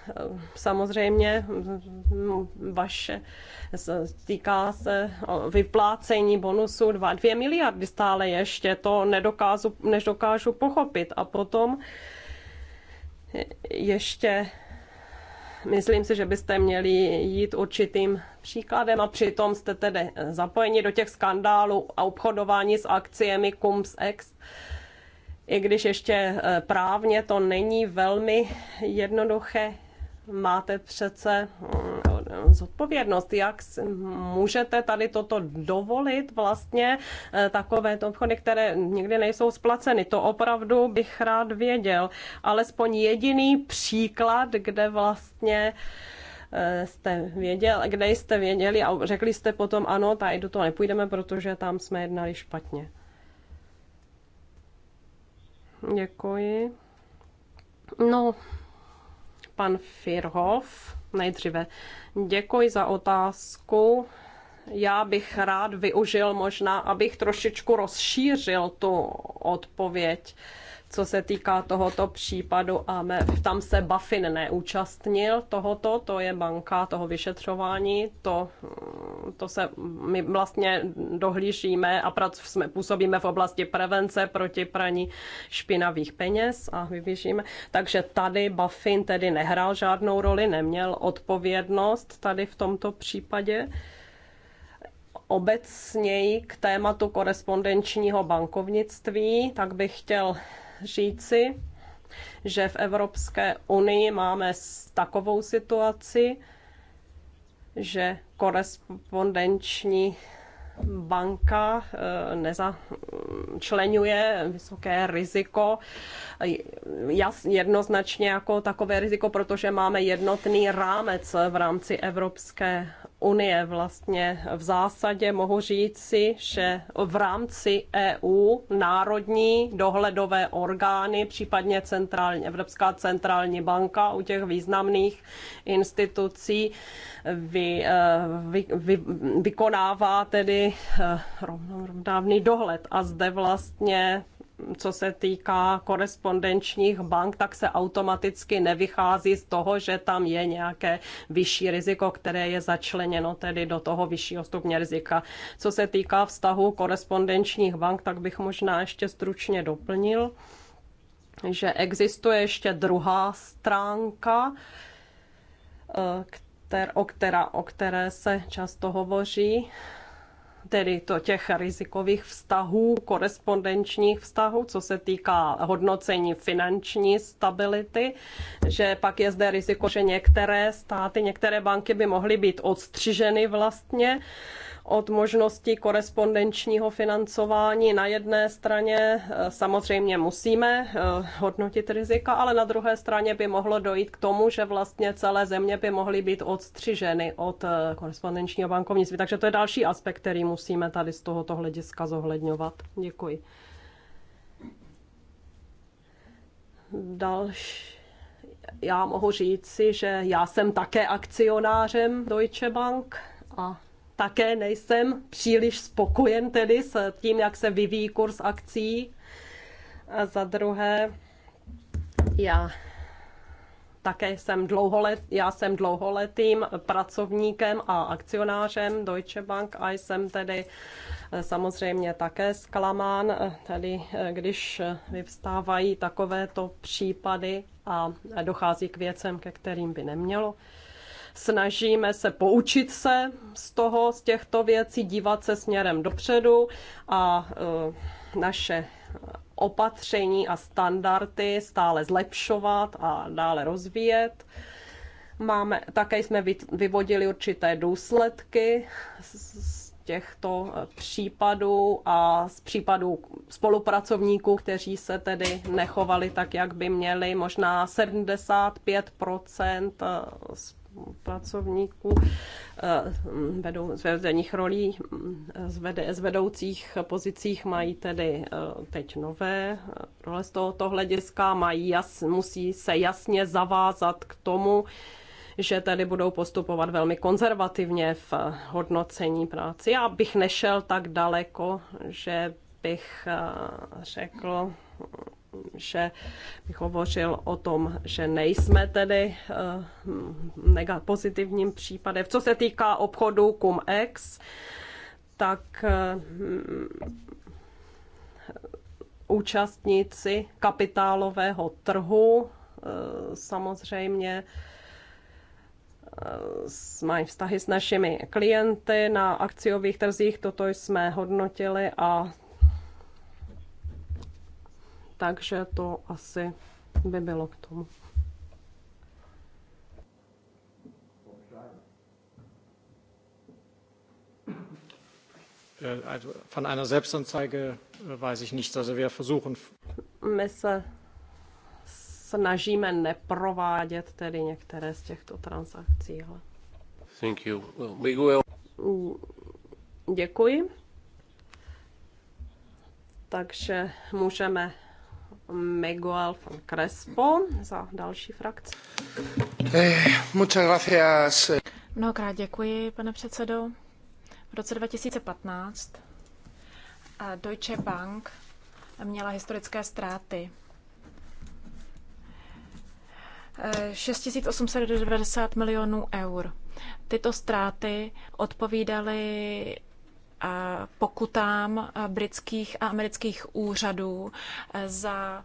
eh, samozřejmě mm, vaše týká se vyplácení bonusu 2, 2 miliardy stále ještě, to nedokážu, než dokážu pochopit. A potom eh, ještě myslím si, že byste měli jít určitým příkladem a přitom jste tedy eh, zapojeni do těch skandálů a obchodování s akciemi Cums Ex i když ještě eh, právně to není velmi jednoduché, máte přece mm, zodpovědnost. Jak můžete tady toto dovolit vlastně eh, takové obchody, které nikdy nejsou splaceny? To opravdu bych rád věděl. Alespoň jediný příklad, kde vlastně eh, jste věděl, kde jste věděli a řekli jste potom ano, tady do toho nepůjdeme, protože tam jsme jednali špatně. Děkuji. No, pan Firhov, nejdříve. Děkuji za otázku. Já bych rád využil možná, abych trošičku rozšířil tu odpověď co se týká tohoto případu a me, tam se Bafin neúčastnil tohoto, to je banka toho vyšetřování, to, to se my vlastně dohlížíme a prac, jsme, působíme v oblasti prevence proti praní špinavých peněz a vyvěříme. Takže tady Bafin tedy nehrál žádnou roli, neměl odpovědnost tady v tomto případě obecněji k tématu korespondenčního bankovnictví, tak bych chtěl říci, že v Evropské unii máme takovou situaci, že korespondenční banka eh, nezačlenuje vysoké riziko jednoznačně jako takové riziko, protože máme jednotný rámec v rámci Evropské unie vlastně v zásadě mohu říci, že v rámci EU národní dohledové orgány, případně centrální, Evropská centrální banka u těch významných institucí vy, eh, vy, vy, vykonává tedy eh, rovnávný dohled. A zde vlastně co se týká korespondenčních bank, tak se automaticky nevychází z toho, že tam je nějaké vyšší riziko, které je začleněno tedy do toho vyššího stupně rizika. Co se týká vztahu korespondenčních bank, tak bych možná ještě stručně doplnil, že existuje ještě druhá stránka, eh, která, o, která, o které se často hovoří, tedy to těch rizikových vztahů, korespondenčních vztahů, co se týká hodnocení finanční stability, že pak je zde riziko, že některé státy, některé banky by mohly být odstřiženy vlastně od možnosti korespondenčního financování na jedné straně eh, samozřejmě musíme eh, hodnotit rizika, ale na druhé straně by mohlo dojít k tomu, že vlastně celé země by mohly být odstřiženy od eh, korespondenčního bankovnictví. Takže to je další aspekt, který musíme tady z tohoto hlediska zohledňovat. Děkuji. Další já mohu říci, že já jsem také akcionářem Deutsche Bank a také nejsem příliš spokojen tedy s tím, jak se vyvíjí kurz akcí. A za druhé, já také jsem dlouholet, já jsem dlouholetým pracovníkem a akcionářem Deutsche Bank a jsem tedy eh, samozřejmě také zklamán, eh, tedy eh, když vyvstávají takovéto případy a dochází k věcem, ke kterým by nemělo Snažíme se poučit se z toho, z těchto věcí, dívat se směrem dopředu a e, naše opatření a standardy stále zlepšovat a dále rozvíjet. Máme, také jsme vyvodili určité důsledky z těchto e, případů a z případů spolupracovníků, kteří se tedy nechovali tak, jak by měli. Možná 75 e, z pracovníků eh, vedou, z vedených rolí, z, vede, z vedoucích pozicích mají tedy eh, teď nové eh, role z tohoto hlediska, mají jas, musí se jasně zavázat k tomu, že tedy budou postupovat velmi konzervativně v hodnocení práci. Já bych nešel tak daleko, že bych řekl, že bych hovořil o tom, že nejsme tedy uh, pozitivním případem. Co se týká obchodu cum-ex, tak eh, účastníci kapitálového trhu eh, samozřejmě mají vztahy s našimi klienty na akciových trzích, toto jsme hodnotili a takže to asi by bylo k tomu. Äh, von einer Selbstanzeige äh, weiß ich nichts. Also wir versuchen. My se snažíme neprovádět tedy některé z těchto transakcí. Ale... Thank you. Well, Miguel. Děkuji. Takže můžeme Miguel von Crespo za další frakci. Eh, Mnohokrát děkuji, pane předsedo. V roce 2015 eh, Deutsche Bank měla historické ztráty. 6890 eh, milionů eur. Tyto ztráty odpovídaly pokutám eh, britských a amerických úřadů eh, za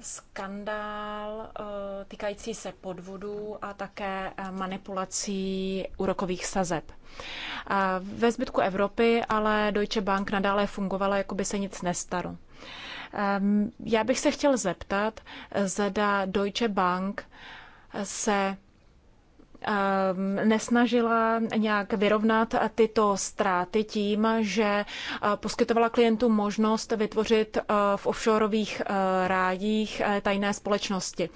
skandál eh, týkající se podvodů a také manipulací úrokových sazeb. Ve zbytku Evropy ale Deutsche Bank nadále fungovala, jako by se nic nestalo. Ehm, já bych se chtěl zeptat, zda Deutsche Bank se Ehm, nesnažila nějak vyrovnat tyto ztráty tím, že eh, poskytovala klientům možnost vytvořit eh, v offshoreových eh, rádích tajné společnosti.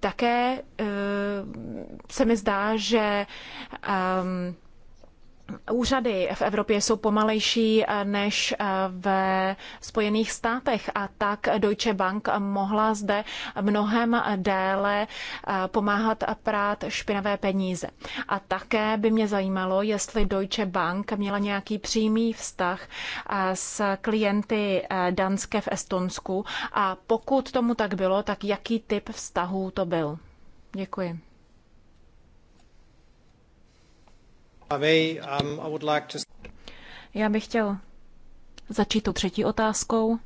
Také se mi zdá, že ehm, úřady v Evropě jsou pomalejší eh, než eh, ve Spojených státech a tak Deutsche Bank mohla zde mnohem eh, déle pomáhat a prát špinavé peníze. A také by mě zajímalo, jestli Deutsche Bank měla nějaký přímý vztah s klienty Danské v Estonsku a pokud tomu tak bylo, tak jaký typ vztahů to byl? Děkuji. Já bych chtěl začít tu třetí otázkou.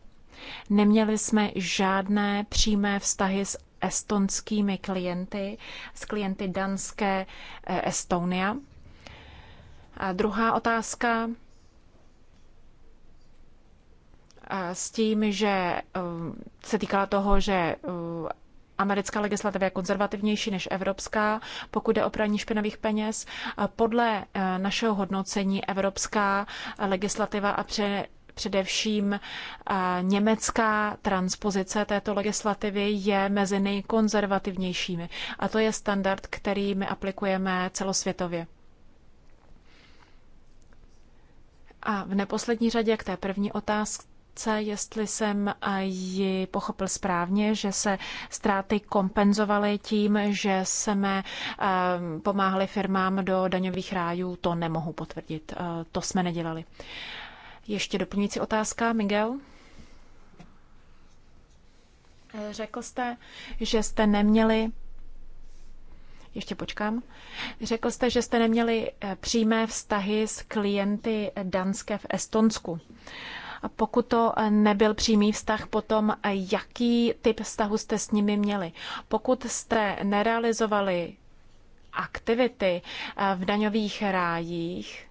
Neměli jsme žádné přímé vztahy s estonskými klienty, s klienty danské eh, Estonia. A druhá otázka a eh, s tím, že eh, se týkala toho, že americká legislativa je konzervativnější než evropská, pokud jde o praní špinavých peněz. Podle eh, našeho hodnocení evropská legislativa a pře především eh, německá transpozice této legislativy je mezi nejkonzervativnějšími. A to je standard, který my aplikujeme celosvětově. A v neposlední řadě k té první otázce otázce, jestli jsem ji pochopil správně, že se ztráty kompenzovaly tím, že jsme ehm, pomáhali firmám do daňových rájů. To nemohu potvrdit. Eh, to jsme nedělali. Ještě doplňující otázka, Miguel? Eh, řekl jste, že jste neměli ještě počkám. Řekl jste, že jste neměli eh, přímé vztahy s klienty Danské v Estonsku. Pokud to eh, nebyl přímý vztah, potom eh, jaký typ vztahu jste s nimi měli? Pokud jste nerealizovali aktivity eh, v daňových rájích,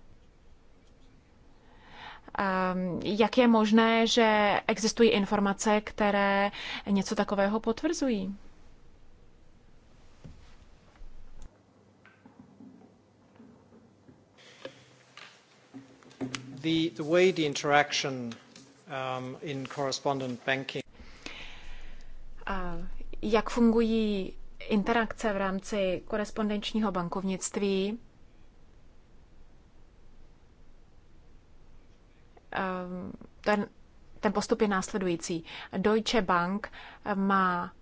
jak je možné, že existují informace, které něco takového potvrzují? The, the way the interaction um, in correspondent banking. A jak fungují interakce v rámci korespondenčního bankovnictví? Um, ten, ten postup je následující. Deutsche Bank má,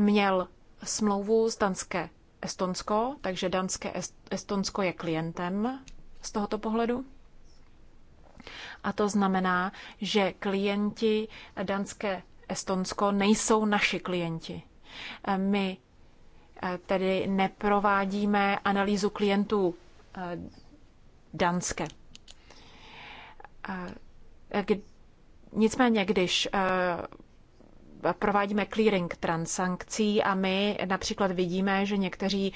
měl smlouvu s Danské Estonsko, takže Danské Estonsko je klientem z tohoto pohledu. A to znamená, že klienti Danské Estonsko nejsou naši klienti. Eh, my eh, tedy neprovádíme analýzu klientů eh, Danské. Nicméně, když provádíme clearing transakcí a my například vidíme, že někteří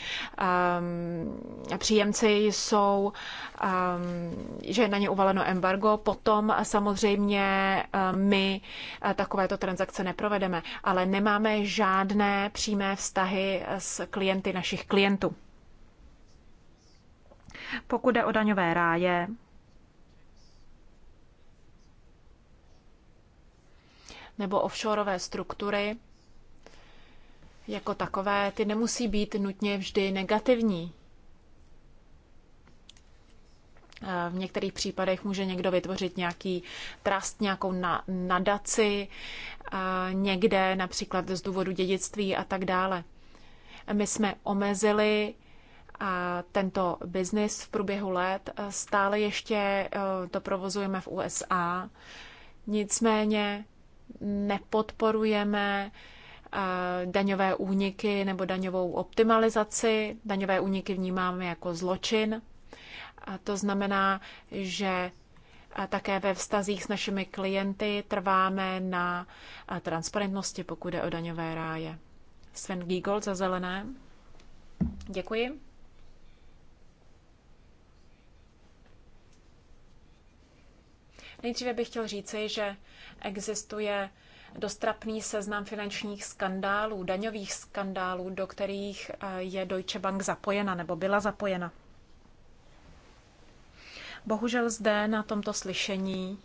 um, příjemci jsou, um, že je na ně uvaleno embargo, potom samozřejmě uh, my uh, takovéto transakce neprovedeme, ale nemáme žádné přímé vztahy s klienty našich klientů. Pokud jde o daňové ráje, nebo offshoreové struktury jako takové, ty nemusí být nutně vždy negativní. Eh, v některých případech může někdo vytvořit nějaký trust, nějakou na, nadaci, eh, někde například z důvodu dědictví a tak dále. My jsme omezili eh, tento biznis v průběhu let. Stále ještě to provozujeme v USA. Nicméně nepodporujeme eh, daňové úniky nebo daňovou optimalizaci. Daňové úniky vnímáme jako zločin. A to znamená, že eh, také ve vztazích s našimi klienty trváme na eh, transparentnosti, pokud je o daňové ráje. Sven Giegel za zelené. Děkuji. Nejdříve bych chtěl říci, že Existuje dostrapný seznam finančních skandálů, daňových skandálů, do kterých eh, je Deutsche Bank zapojena nebo byla zapojena. Bohužel zde na tomto slyšení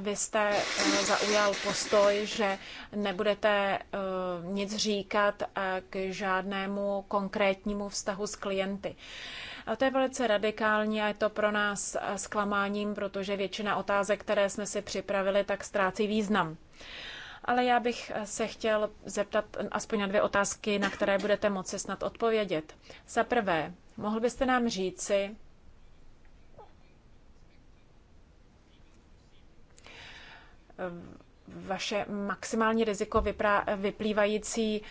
vy jste eh, zaujal postoj, že nebudete eh, nic říkat k žádnému konkrétnímu vztahu s klienty. To je velice radikální a je to pro nás eh, zklamáním, protože většina otázek, které jsme si připravili, tak ztrácí význam. Ale já bych eh, se chtěl zeptat aspoň na dvě otázky, na které budete moci snad odpovědět. Za prvé, mohl byste nám říci, eh, vaše maximální riziko vyplývající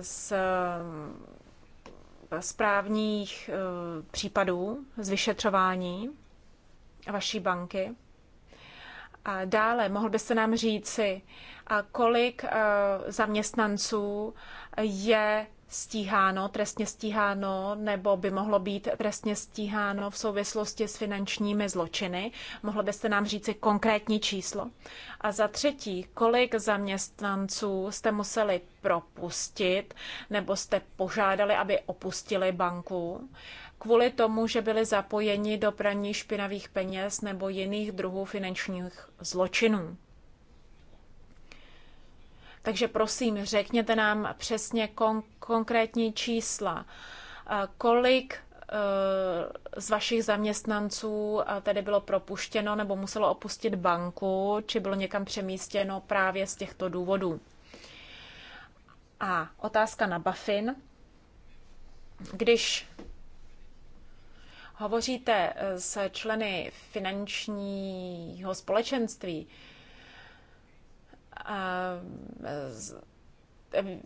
z správních eh, případů z vyšetřování vaší banky. A dále, mohl byste nám říci, kolik eh, zaměstnanců je stíháno, trestně stíháno, nebo by mohlo být trestně stíháno v souvislosti s finančními zločiny. Mohlo byste nám říci konkrétní číslo. A za třetí, kolik zaměstnanců jste museli propustit, nebo jste požádali, aby opustili banku, kvůli tomu, že byli zapojeni do praní špinavých peněz nebo jiných druhů finančních zločinů. Takže prosím, řekněte nám přesně kon- konkrétní čísla. Eh, kolik eh, z vašich zaměstnanců eh, tedy bylo propuštěno nebo muselo opustit banku, či bylo někam přemístěno právě z těchto důvodů. A otázka na Bafin. Když hovoříte s členy finančního společenství, E,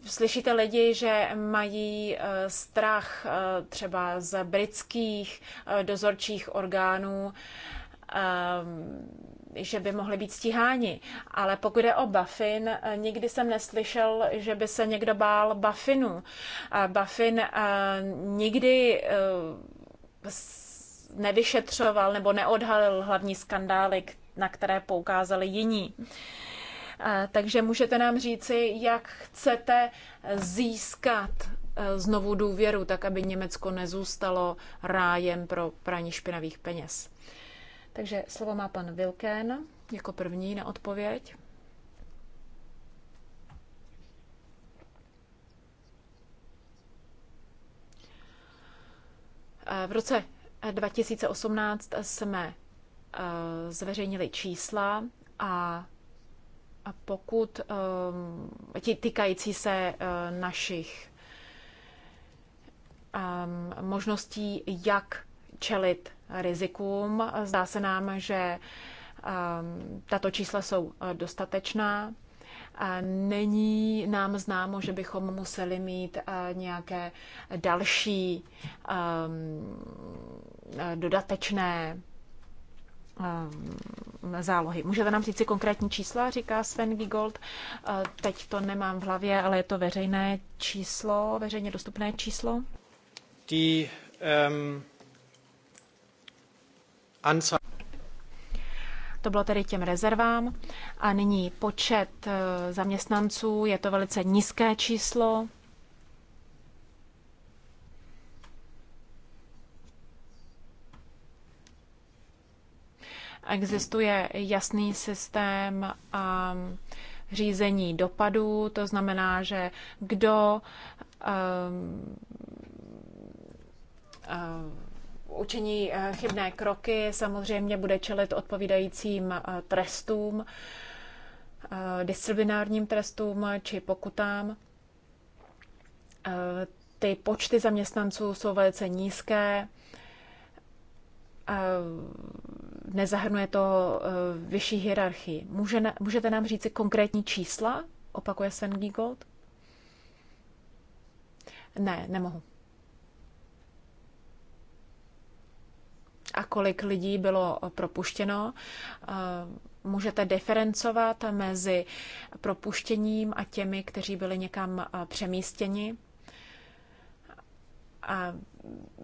slyšíte lidi, že mají e, strach e, třeba z britských dozorčích orgánů, že by mohli být stíháni. Ale pokud je o Buffin, nikdy jsem neslyšel, že by se někdo bál Buffinu. Buffin nikdy nevyšetřoval nebo neodhalil hlavní skandály, na které poukázali jiní. Uh, takže můžete nám říci, jak chcete získat e, znovu důvěru, tak aby Německo nezůstalo rájem pro praní špinavých peněz. Takže slovo má pan Vilken jako první na odpověď. E, v roce 2018 e, jsme zveřejnili čísla a pokud ehm, týkající se eh, našich ehm, možností, jak čelit rizikům. Zdá se nám, že ehm, tato čísla jsou eh, dostatečná. Není nám známo, že bychom museli mít eh, nějaké další dodatečné Ehm, zálohy. Můžete nám říct si konkrétní čísla, říká Sven Gigold. Eh, teď to nemám v hlavě, ale je to veřejné číslo, veřejně dostupné číslo. Die, um, anzahl... To bylo tedy těm rezervám. A nyní počet eh, zaměstnanců, je to velice nízké číslo. Existuje jasný systém řízení dopadů, to znamená, že kdo um, uh, učiní eh, chybné kroky, samozřejmě bude čelit odpovídajícím eh, trestům, eh, disciplinárním trestům či pokutám. Ty počty zaměstnanců jsou velice nízké nezahrnuje to eh, vyšší hierarchii. Může, můžete nám říct konkrétní čísla? Opakuje Sven Giegold. Ne, nemohu. A kolik lidí bylo propuštěno? Eh, můžete diferencovat mezi propuštěním a těmi, kteří byli někam eh, přemístěni? A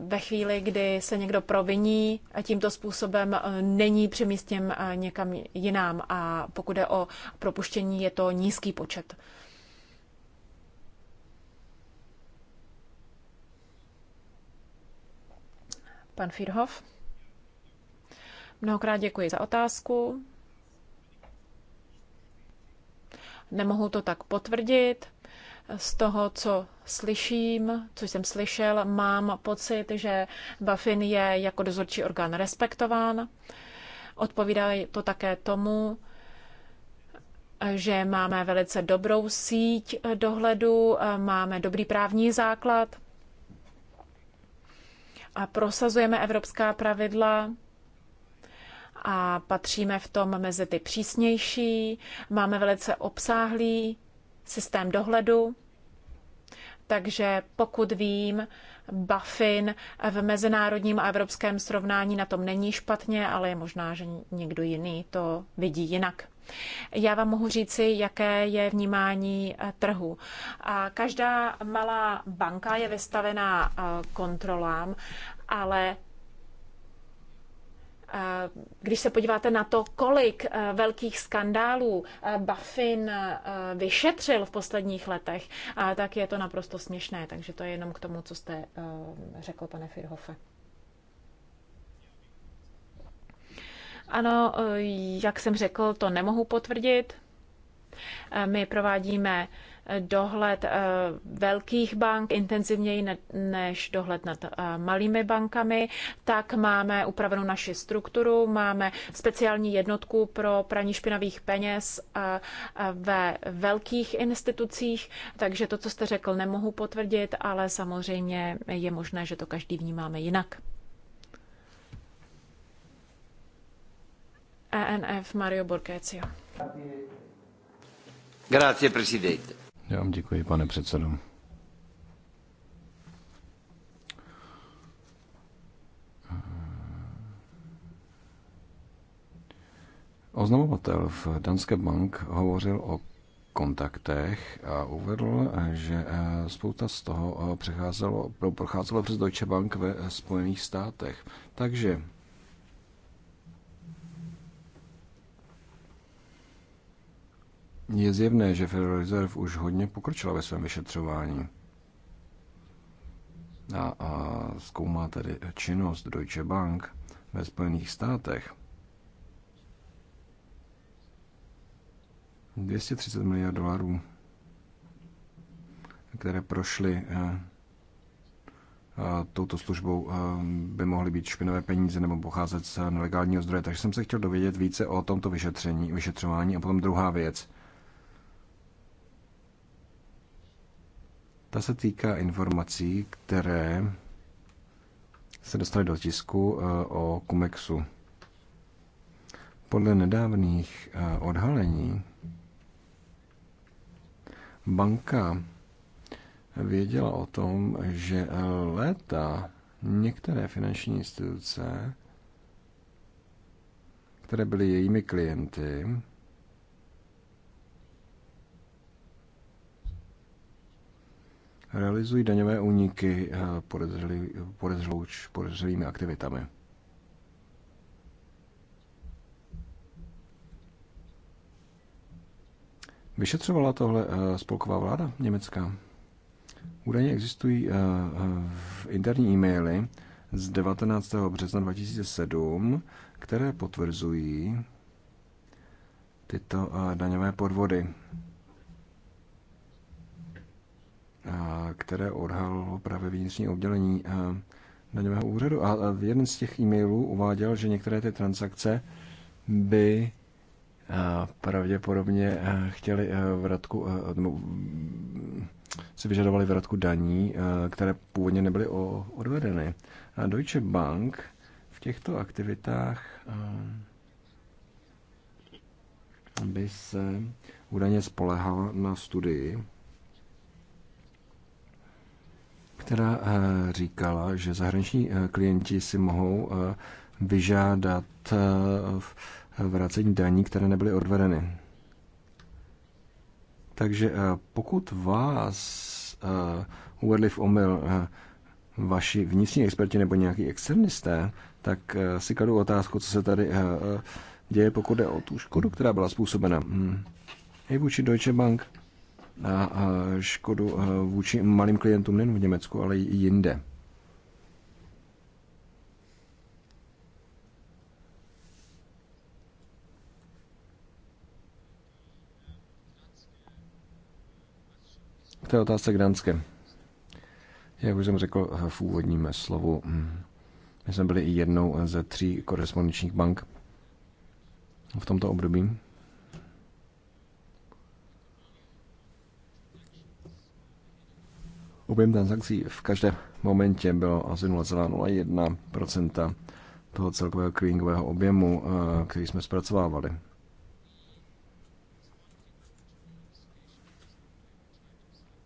ve chvíli, kdy se někdo proviní tímto způsobem, eh, není přemístěn eh, někam jinam. A pokud je o propuštění, je to nízký počet. Pan Firhoff. Mnohokrát děkuji za otázku. Nemohu to tak potvrdit z toho, co slyším, co jsem slyšel, mám pocit, že Bafin je jako dozorčí orgán respektován. Odpovídá to také tomu, že máme velice dobrou síť dohledu, máme dobrý právní základ a prosazujeme evropská pravidla a patříme v tom mezi ty přísnější. Máme velice obsáhlý systém dohledu, takže pokud vím, Buffin v mezinárodním a evropském srovnání na tom není špatně, ale je možná, že někdo jiný to vidí jinak. Já vám mohu říci, jaké je vnímání eh, trhu. Každá malá banka je vystavená eh, kontrolám, ale když se podíváte na to, kolik eh, velkých skandálů eh, Buffin eh, vyšetřil v posledních letech, tak je to naprosto směšné. Takže to je jenom k tomu, co jste řekl, pane Firhofe. Ano, jak jsem řekl, to nemohu potvrdit. My provádíme dohled eh, velkých bank intenzivněji než dohled nad eh, malými bankami, tak máme upravenou naši strukturu, máme speciální jednotku pro praní špinavých peněz eh, ve velkých institucích, takže to, co jste řekl, nemohu potvrdit, ale samozřejmě je možné, že to každý vnímáme jinak. ENF Mario Borgesio. Grazie Presidente. Já vám děkuji, pane předsedo. Oznamovatel v Danske Bank hovořil o kontaktech a uvedl, že eh, spousta z toho eh, přecházelo, procházelo přes Deutsche Bank ve Spojených státech. Takže Je zjevné, že Federal Reserve už hodně pokročila ve svém vyšetřování a, a zkoumá tedy činnost Deutsche Bank ve Spojených státech. 230 miliard dolarů, které prošly eh, eh, touto službou eh, by mohly být špinové peníze nebo pocházet z nelegálního zdroje. Takže jsem se chtěl dovědět více o tomto vyšetření, vyšetřování. A potom druhá věc. Ta se týká informací, které se dostaly do tisku eh, o Kumexu. Podle nedávných eh, odhalení banka věděla o tom, že eh, léta některé finanční instituce, které byly jejími klienty, realizují daňové úniky eh, podezřelými aktivitami. Vyšetřovala tohle eh, spolková vláda německá? Údajně existují eh, v interní e-maily z 19. března 2007, které potvrzují tyto daňové podvody které odhalilo právě vnitřní oddělení daňového úřadu. A v jeden z těch e-mailů uváděl, že některé ty transakce by pravděpodobně chtěli vratku, si vyžadovali vratku daní, které původně nebyly odvedeny. A Deutsche Bank v těchto aktivitách by se údajně spolehal na studii, která eh, říkala, že zahraniční eh, klienti si mohou eh, vyžádat vracení daní, které nebyly odvedeny. Takže pokud vás uvedli v omyl vaši vnitřní experti nebo nějaký externisté, tak si kladu otázku, co se tady děje, pokud jde o tu škodu, která byla způsobena. Hmm. Hej vůči Deutsche Bank na eh, škodu eh, vůči malým klientům nejen v Německu, ale i jinde. K té otázce Danske. Jak už jsem řekl eh, v úvodním slovu, hm, my jsme byli i jednou ze tří korespondenčních bank v tomto období. Objem transakcí v každém momentě byl asi 0,01% toho celkového clearingového objemu, eh, který jsme zpracovávali.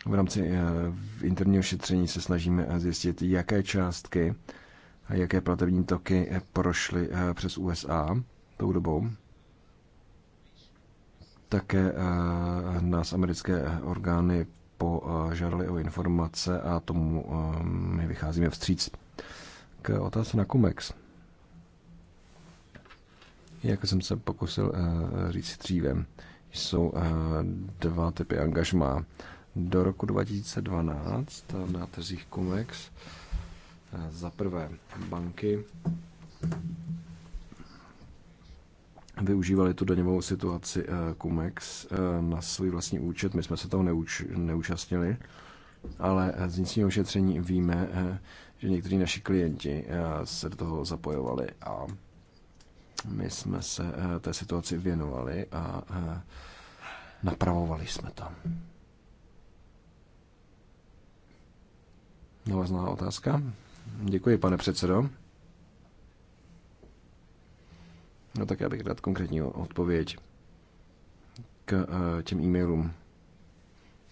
V rámci eh, interního šetření se snažíme eh, zjistit, jaké částky a jaké platební toky prošly přes USA tou dobou. Také nás americké orgány požádali o informace a tomu eh, my vycházíme vstříc. K otázce na Comex. Jak jsem se pokusil eh, říct dříve, jsou eh, dva typy angažmá. Do roku 2012 na trzích Comex za prvé banky využívali tu daňovou situaci eh, Cumex eh, na svůj vlastní účet. My jsme se tam neúč, neúčastnili, ale eh, z vnitřního ošetření víme, že někteří naši klienti se do toho zapojovali a my jsme se té situaci věnovali a napravovali jsme Nová Navazná otázka. Děkuji, pane předsedo. No tak já bych rád konkrétní odpověď k eh, těm e-mailům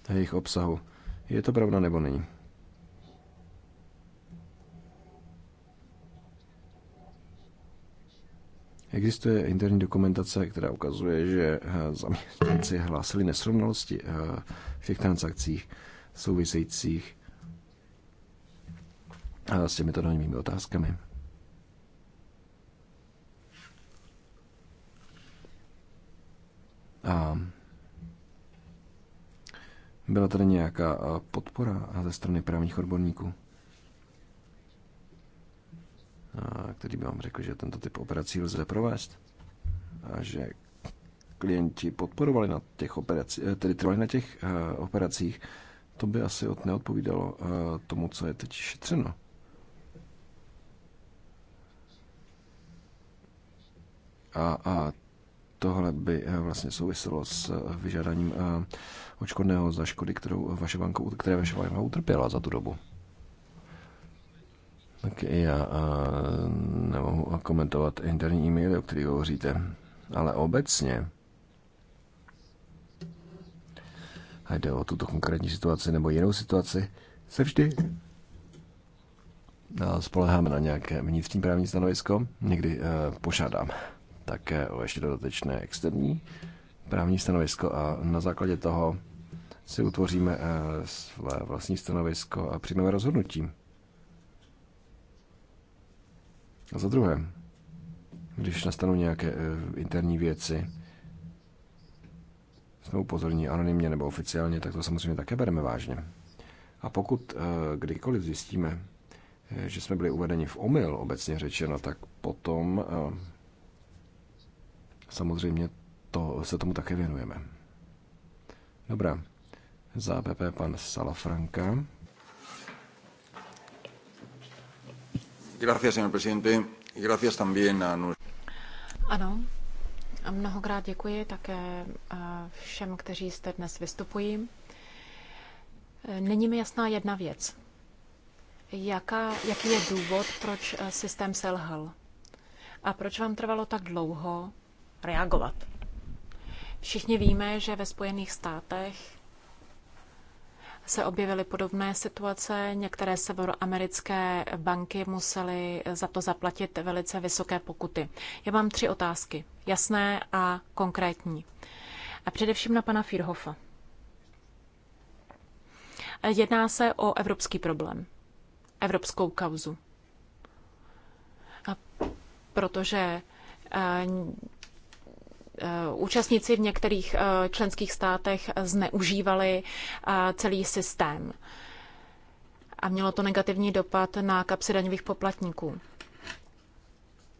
a jejich obsahu. Je to pravda nebo není? Existuje interní dokumentace, která ukazuje, že eh, zaměstnanci hlásili nesrovnalosti eh, v těch transakcích souvisejících s těmito daňovými otázkami. A byla tady nějaká podpora ze strany právních odborníků, který by vám řekl, že tento typ operací lze provést a že klienti podporovali na těch operacích, eh, tedy trvali na těch eh, operacích, to by asi od neodpovídalo eh, tomu, co je teď šetřeno. A, a tohle by eh, vlastně souviselo s eh, vyžádáním eh, očkodného za škody, kterou vaše banka, které vaše banka utrpěla za tu dobu. Tak já nemohu komentovat interní e-maily, o kterých hovoříte, ale obecně a jde o tuto konkrétní situaci nebo jinou situaci, se vždy spoleháme na nějaké vnitřní právní stanovisko, někdy uh, požádám také o ještě dodatečné externí právní stanovisko a na základě toho si utvoříme eh, své vlastní stanovisko a přijmeme rozhodnutí. A za druhé, když nastanou nějaké eh, interní věci, jsme upozorní anonymně nebo oficiálně, tak to samozřejmě také bereme vážně. A pokud eh, kdykoliv zjistíme, že jsme byli uvedeni v omyl, obecně řečeno, tak potom samozřejmě to, se tomu také věnujeme. Dobrá. Za PP pan Salafranka. Gracias, señor presidente. Gracias también a... Ano, a mnohokrát děkuji také eh, všem, kteří jste dnes vystupují. Eh, není mi jasná jedna věc. Jaká, jaký je důvod, proč eh, systém selhal? A proč vám trvalo tak dlouho, reagovat. Všichni víme, že ve Spojených státech se objevily podobné situace. Některé severoamerické banky musely za to zaplatit velice vysoké pokuty. Já mám tři otázky, jasné a konkrétní. A především na pana Firhofa. Jedná se o evropský problém, evropskou kauzu. A protože eh, Eh, účastníci v některých eh, členských státech zneužívali eh, celý systém. A mělo to negativní dopad na kapsy daňových poplatníků.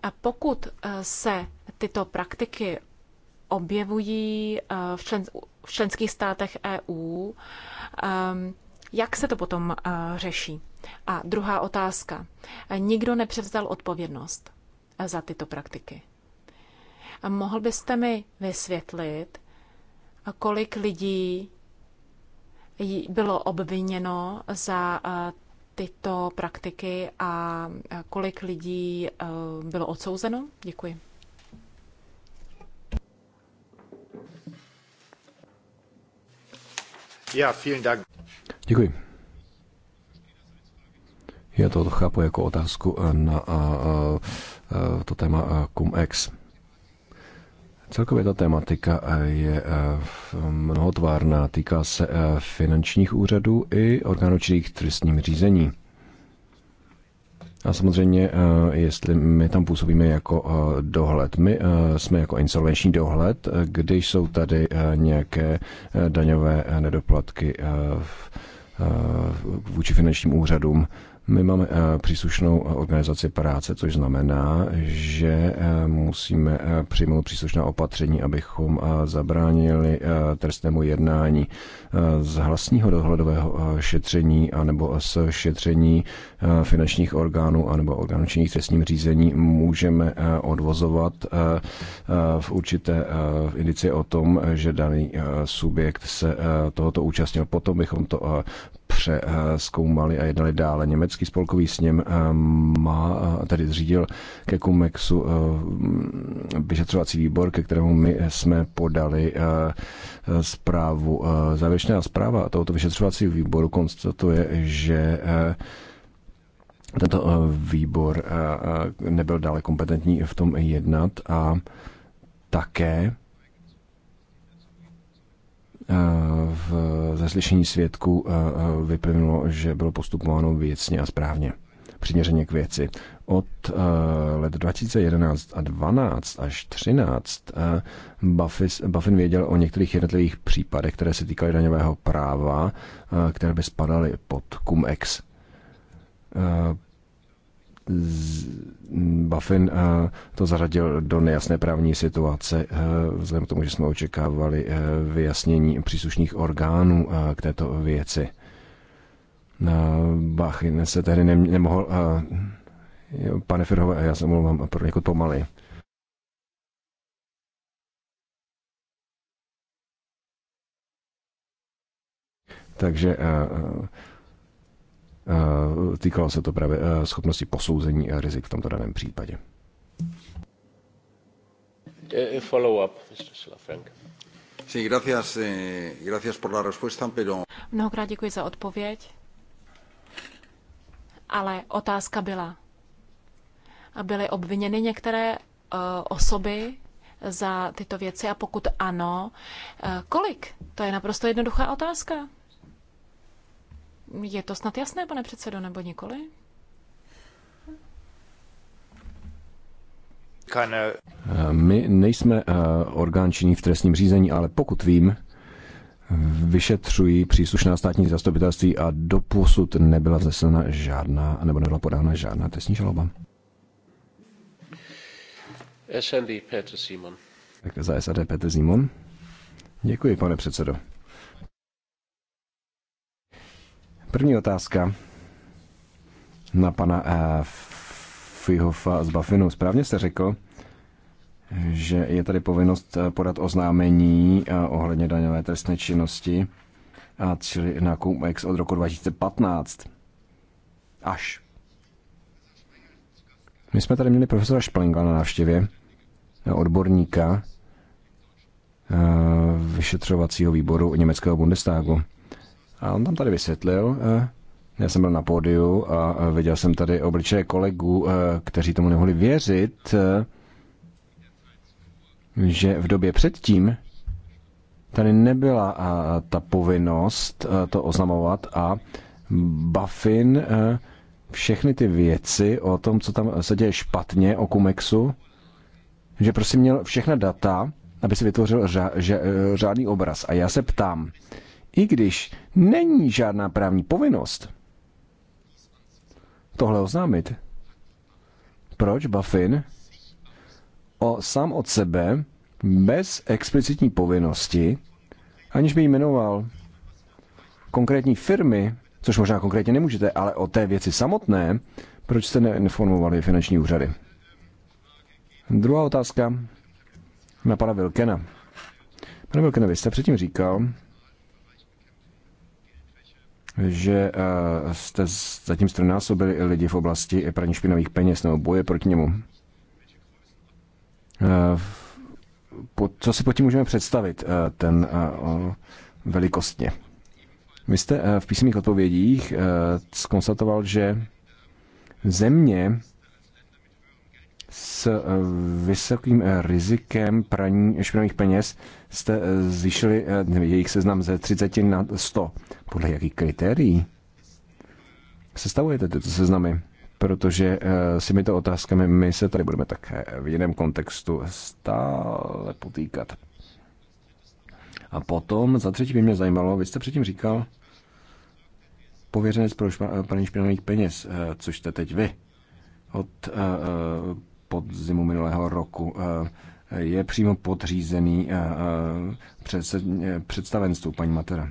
A pokud se tyto praktiky objevují v, člen, v členských státech EU, ehm, jak se to potom řeší? A druhá otázka. Nikdo nepřevzal odpovědnost za tyto praktiky. A mohl byste mi vysvětlit, kolik lidí bylo obviněno za tyto praktiky a kolik lidí bylo odsouzeno? Děkuji. Ja, vielen Dank. Děkuji. Já to chápu jako otázku na a, a, to téma Cum-Ex. Celkově ta tématika eh, je eh, mnohotvárná, týká se eh, finančních úřadů i orgánů činných trestním řízení. A samozřejmě, jestli my tam působíme jako dohled. My jsme jako insolvenční dohled, když jsou tady nějaké daňové nedoplatky vůči finančním úřadům, my máme eh, příslušnou eh, organizaci práce, což znamená, že eh, musíme přijmout příslušná opatření, abychom zabránili trestnému jednání z hlasního dohledového šetření anebo z šetření finančních orgánů anebo orgánů činných trestním řízení můžeme odvozovat v určité indici o tom, že daný subjekt se tohoto účastnil. Potom bychom to přeskoumali a jednali dále. Německý spolkový sněm eh, má, eh, tedy zřídil ke Kumexu eh, vyšetřovací výbor, ke kterému my jsme podali zprávu. Závěrečná zpráva tohoto vyšetřovacího výboru konstatuje, že tento výbor nebyl dále kompetentní v tom jednat a také Eh, v zaslyšení svědku eh, eh, vyplynulo, že bylo postupováno věcně a správně přiměřeně k věci. Od uh, let 2011 a 12 až 13 uh, Buffis, Buffin věděl o některých jednotlivých případech, které se týkaly daňového práva, uh, které by spadaly pod cum ex. Uh, Mm, Buffin eh, to zařadil do nejasné právní situace, eh, vzhledem k tomu, že jsme očekávali eh, vyjasnění příslušných orgánů k této věci. Buffin se tehdy nemohl... Pane Firhové, já se mluvám pro někud pomaly. Takže týkalo se to právě eh, schopnosti posouzení eh, rizik v tomto daném případě. Eh, follow-up, gracias, gracias por la respuesta, pero... Mnohokrát děkuji za odpověď, ale otázka byla. Byly obviněny některé osoby za tyto věci a pokud ano, kolik? To je naprosto jednoduchá otázka. Je to snad jasné, pane předsedo, nebo nikoli? Eh, My nejsme eh, orgán činný v trestním řízení, ale pokud vím, vyšetřují příslušná státní zastupitelství a doposud nebyla vznesena žádná, nebo nebyla podána žádná trestní žaloba. SND Petr Simon. Tak za SAD Petr Simon. Děkuji, pane předsedo. První otázka na pana eh, Fihofa z Bafinu. Správně jste řekl, že je tady povinnost eh, podat oznámení eh, ohledně daňové trestné činnosti, a čili na KUMEX od roku 2015. Až. My jsme tady měli profesora Šplinga na návštěvě, odborníka vyšetřovacího výboru německého Bundestagu. A on tam tady vysvětlil, eh, já jsem byl na pódiu a eh, viděl jsem tady obličeje kolegů, eh, kteří tomu nemohli věřit, že v době předtím tady nebyla ta povinnost to oznamovat a Buffin všechny ty věci o tom, co tam se děje špatně o Kumexu, že prostě měl všechna data, aby si vytvořil řádný obraz. A já se ptám, i když není žádná právní povinnost tohle oznámit. Proč Buffin o, sám od sebe, bez explicitní povinnosti, aniž by jmenoval konkrétní firmy, což možná konkrétně nemůžete, ale o té věci samotné, proč jste neinformovali finanční úřady? Druhá otázka na pana Vilkena. Pane Vilkene, vy jste předtím říkal, že eh, jste zatím strnásobili lidi v oblasti praní špinavých peněz nebo boje proti němu. Eh, co si pod tím můžeme představit, eh, ten velikostně? Vy jste v písemných odpovědích skonstatoval, že země s eh, vysokým eh, rizikem praní špinavých peněz jste eh, zvýšili jejich seznam ze 30 na 100. Podle jakých kritérií sestavujete tyto seznamy? Protože s těmito otázkami my se tady budeme také v jiném kontextu stále potýkat. A potom, za třetí by mě zajímalo, vy jste předtím říkal pověřenec pro praní špinavých peněz, což jste teď vy od podzimu minulého roku eh, je přímo podřízený eh, eh, představenstvu paní Matera.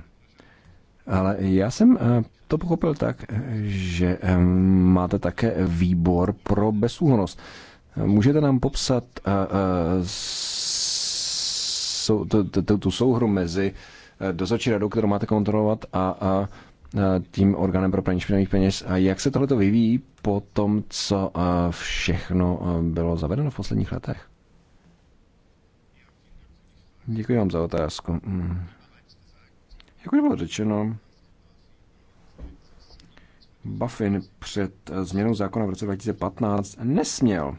Ale já jsem to pochopil tak, že máte také výbor pro bezúhonost. Můžete nám popsat tu souhru mezi dozorčí radou, kterou máte kontrolovat, a Eh, tím orgánem pro praní špinavých peněz. A jak se tohle vyvíjí po tom, co eh, všechno eh, bylo zavedeno v posledních letech? Děkuji vám za otázku. Mm. Jak už bylo řečeno, Buffin před změnou zákona v roce 2015 nesměl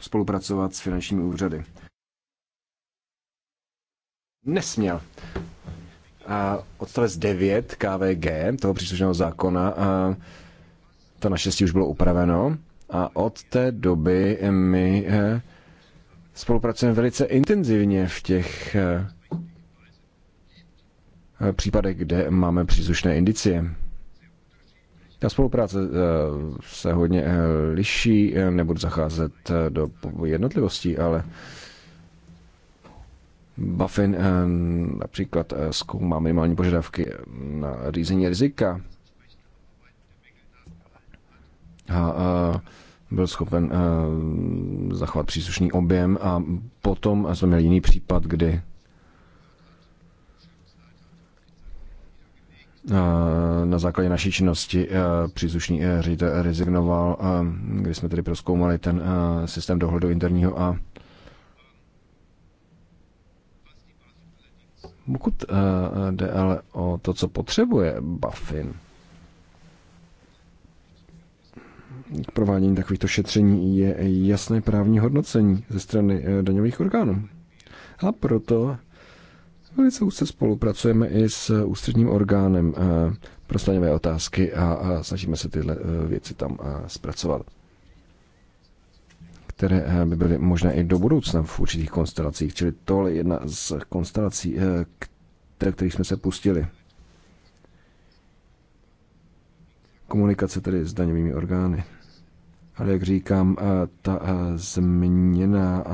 spolupracovat s finančními úřady. Nesměl odstavec 9 KVG, toho příslušného zákona, to naštěstí už bylo upraveno a od té doby my eh, spolupracujeme velice intenzivně v těch eh, případech, kde máme příslušné indicie. Ta spolupráce eh, se hodně liší, nebudu zacházet do jednotlivostí, ale Buffin eh, například eh, zkoumá minimální požadavky eh, na řízení rizika a byl schopen zachovat příslušný objem a potom jsme měli jiný případ, kdy na základě naší činnosti příslušný ředitel rezignoval, kdy jsme tedy proskoumali ten systém dohledu interního a Pokud eh, eh, jde ale o to, co potřebuje Buffin k provádění takovýchto šetření, je jasné právní hodnocení ze strany eh, daňových orgánů. A proto velice úzce spolupracujeme i s ústředním orgánem pro staňové otázky a snažíme se tyhle věci tam zpracovat které eh, by byly možné i do budoucna v určitých konstelacích. Čili tohle je jedna z konstelací, eh, které kterých jsme se pustili. Komunikace tedy s daňovými orgány. Ale jak říkám, eh, ta změna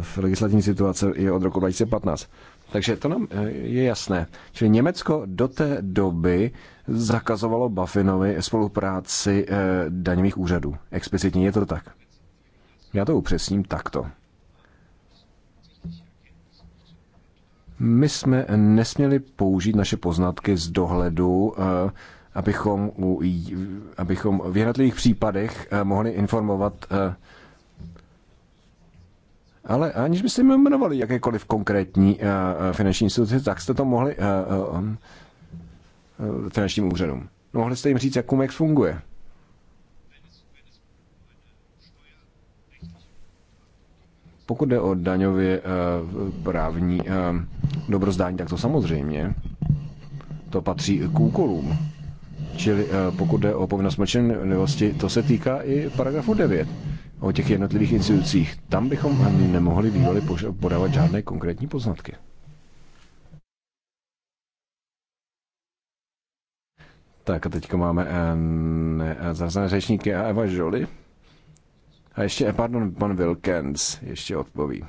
v legislativní situace je od roku 2015. Takže to nám je jasné. Čili Německo do té doby zakazovalo Buffinovi spolupráci daňových úřadů. Explicitně je to tak. Já to upřesním takto. My jsme nesměli použít naše poznatky z dohledu, eh, abychom, u, abychom v jednotlivých případech eh, mohli informovat, eh, ale aniž byste jmenovali jakékoliv konkrétní finanční instituce, tak jste to mohli finančním úřadům. Mohli jste jim říct, jak Kumex funguje. Pokud jde o daňově eh, právní eh, dobrozdání, tak to samozřejmě to patří k úkolům. Čili eh, pokud jde o povinnost mlčenlivosti, to se týká i paragrafu 9 o těch jednotlivých institucích. Tam bychom ani nemohli bývali podávat žádné konkrétní poznatky. Tak a teďka máme zase řečníky a Eva Žoli. A ještě, eh, pardon, pan Wilkens ještě odpoví.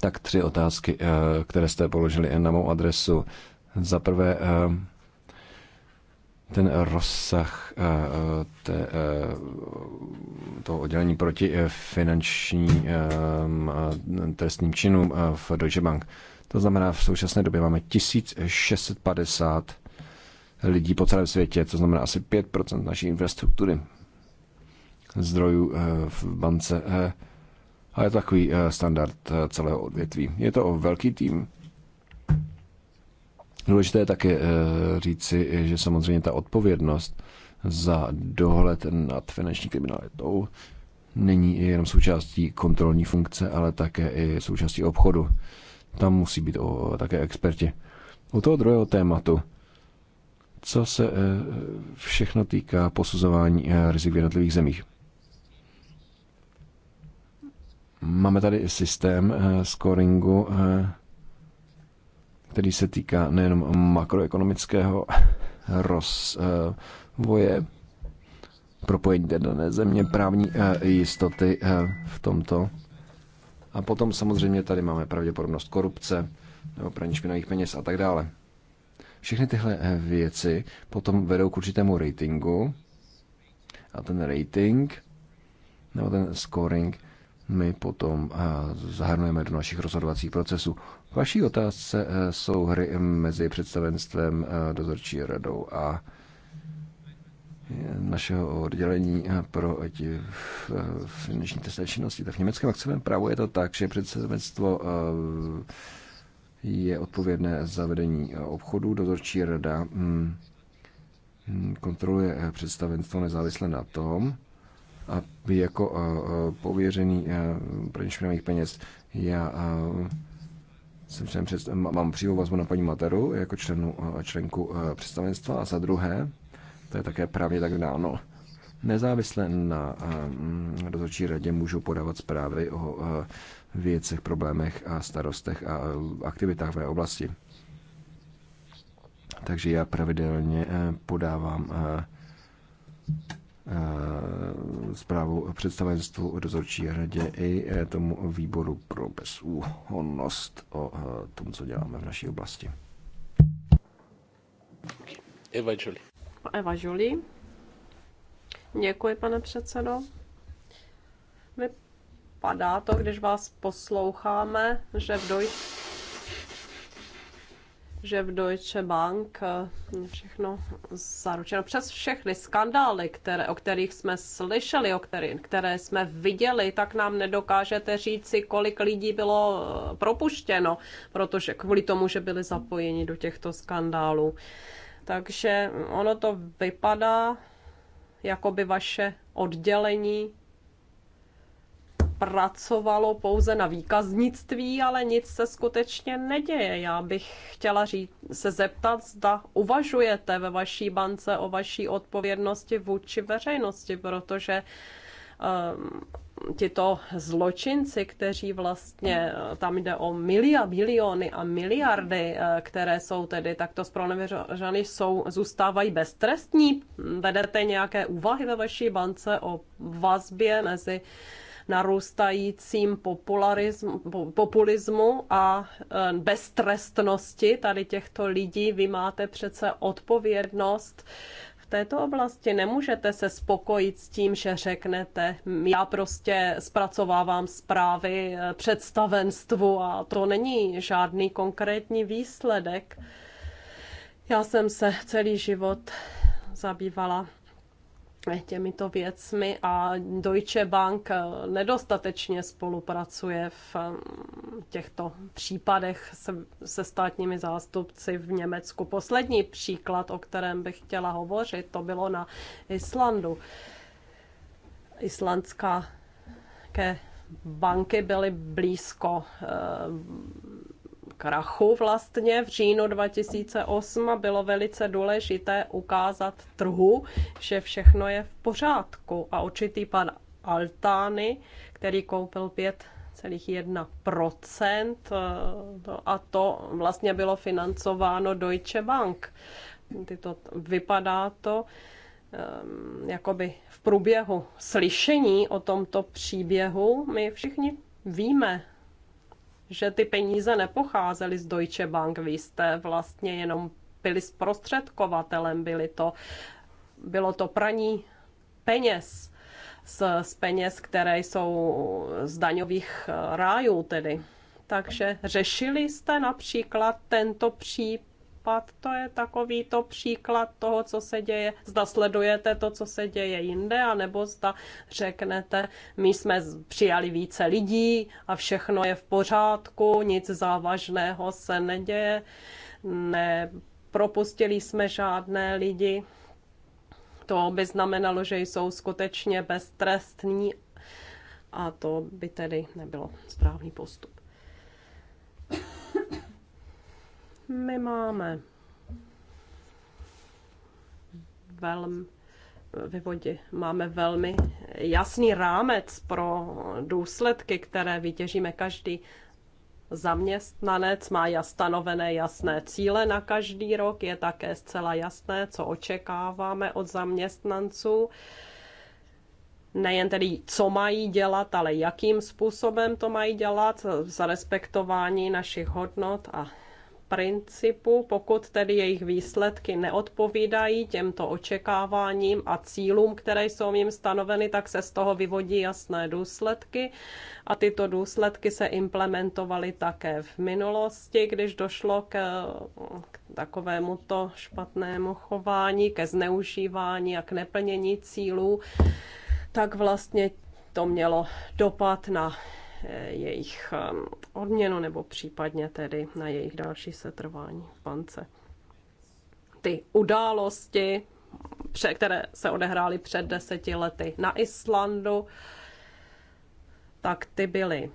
Tak tři otázky, eh, které jste položili eh, na mou adresu. Za prvé, ten rozsah té, toho oddělení proti finančním trestním činům v Deutsche Bank. To znamená, v současné době máme 1650 lidí po celém světě, to znamená asi 5% naší infrastruktury zdrojů eh, v bance. Eh, a je to takový eh, standard celého odvětví. Je to velký tým. Důležité je také říci, že samozřejmě ta odpovědnost za dohled nad finanční kriminalitou není jenom součástí kontrolní funkce, ale také i součástí obchodu. Tam musí být o, také experti. U toho druhého tématu co se eh, všechno týká posuzování eh, rizik v jednotlivých zemích. Máme tady systém eh, scoringu, který se týká nejenom makroekonomického rozvoje, propojení té dané země, právní jistoty v tomto. A potom samozřejmě tady máme pravděpodobnost korupce nebo praní špinavých peněz a tak dále. Všechny tyhle eh, věci potom vedou k určitému ratingu a ten rating nebo ten scoring my potom eh, zahrnujeme do našich rozhodovacích procesů. V vaší otázce eh, jsou hry mezi představenstvem, dozorčí radou a našeho oddělení pro finanční trestné činnosti. Tak v německém akciovém právu je to tak, že představenstvo je odpovědné za vedení obchodu, dozorčí rada mm, mm, kontroluje eh, představenstvo nezávisle na tom, a jako eh, eh, pověřený praní špinavých peněz já jsem člen před, mám přímou vazbu na paní Materu jako členu, členku představenstva a za druhé, to je také právě tak dáno, nezávisle na mm, dozorčí radě můžu podávat zprávy o věcech, problémech a starostech a e, aktivitách v oblasti. Takže já pravidelně e, podávám e, zprávu představenstvu dozorčí radě i tomu výboru pro bezúhonnost o tom, co děláme v naší oblasti. Eva Jolie. Eva Jolie. Děkuji, pane předsedo. My napadá to, když vás posloucháme, že v Deutsch, že v Deutsche Bank eh, všechno zaručeno. Přes všechny skandály, které, o kterých jsme slyšeli, o který, které jsme viděli, tak nám nedokážete říci, kolik lidí bylo eh, propuštěno, protože kvůli tomu, že byli zapojeni do těchto skandálů. Takže ono to vypadá, jako by vaše oddělení pracovalo pouze na výkaznictví, ale nic se skutečně neděje. Já bych chtěla říct, se zeptat, zda uvažujete ve vaší bance o vaší odpovědnosti vůči veřejnosti, protože ehm, tito zločinci, kteří vlastně, eh, tam jde o milia, miliony a miliardy, eh, které jsou tedy takto zpronevěřeny, jsou, zůstávají beztrestní. Vedete nějaké úvahy ve vaší bance o vazbě mezi uh, narůstajícím populismu a e, beztrestnosti tady těchto lidí. Vy máte přece odpovědnost v této oblasti nemůžete se spokojit s tím, že řeknete, já prostě zpracovávám zprávy e, představenstvu a to není žádný konkrétní výsledek. Já jsem se celý život zabývala těmito věcmi a Deutsche Bank eh, nedostatečně spolupracuje v mm, těchto případech se, se státními zástupci v Německu. Poslední příklad, o kterém bych chtěla hovořit, to bylo na Islandu. Islandská banky byly blízko eh, krachu vlastně v říjnu 2008 a bylo velice důležité ukázat trhu, že všechno je v pořádku. A určitý pan Altány, který koupil pět celých eh, a to vlastně bylo financováno Deutsche Bank. Tyto, vypadá to, ehm, jakoby v průběhu slyšení o tomto příběhu my všichni víme, že ty peníze nepocházely z Deutsche Bank, vy jste vlastně jenom byli zprostředkovatelem, byli to, bylo to praní peněz z, z peněz, které jsou z daňových eh, rájů tedy. Takže řešili jste například tento případ dopad. To je takový to příklad toho, co se děje. Zda sledujete to, co se děje jinde, anebo zda řeknete, my jsme přijali více lidí a všechno je v pořádku, nic závažného se neděje, nepropustili jsme žádné lidi. To by znamenalo, že jsou skutečně beztrestní a to by tedy nebylo správný postup. My máme velmi ve vodě máme velmi jasný rámec pro důsledky, které vytěžíme každý zaměstnanec má stanovené jasné cíle na každý rok, je také zcela jasné, co očekáváme od zaměstnanců. Nejen tedy, co mají dělat, ale jakým způsobem to mají dělat, za respektování našich hodnot a principu, pokud tedy jejich výsledky neodpovídají těmto očekáváním a cílům, které jsou jim stanoveny, tak se z toho vyvodí jasné důsledky a tyto důsledky se implementovaly také v minulosti, když došlo k, k takovému to špatnému chování, ke zneužívání a k neplnění cílů, tak vlastně to mělo dopad na Eh, jejich ehm, odměnu nebo případně tedy na jejich další setrvání v bance. Ty události, které se odehrály před deseti lety na Islandu, tak ty byly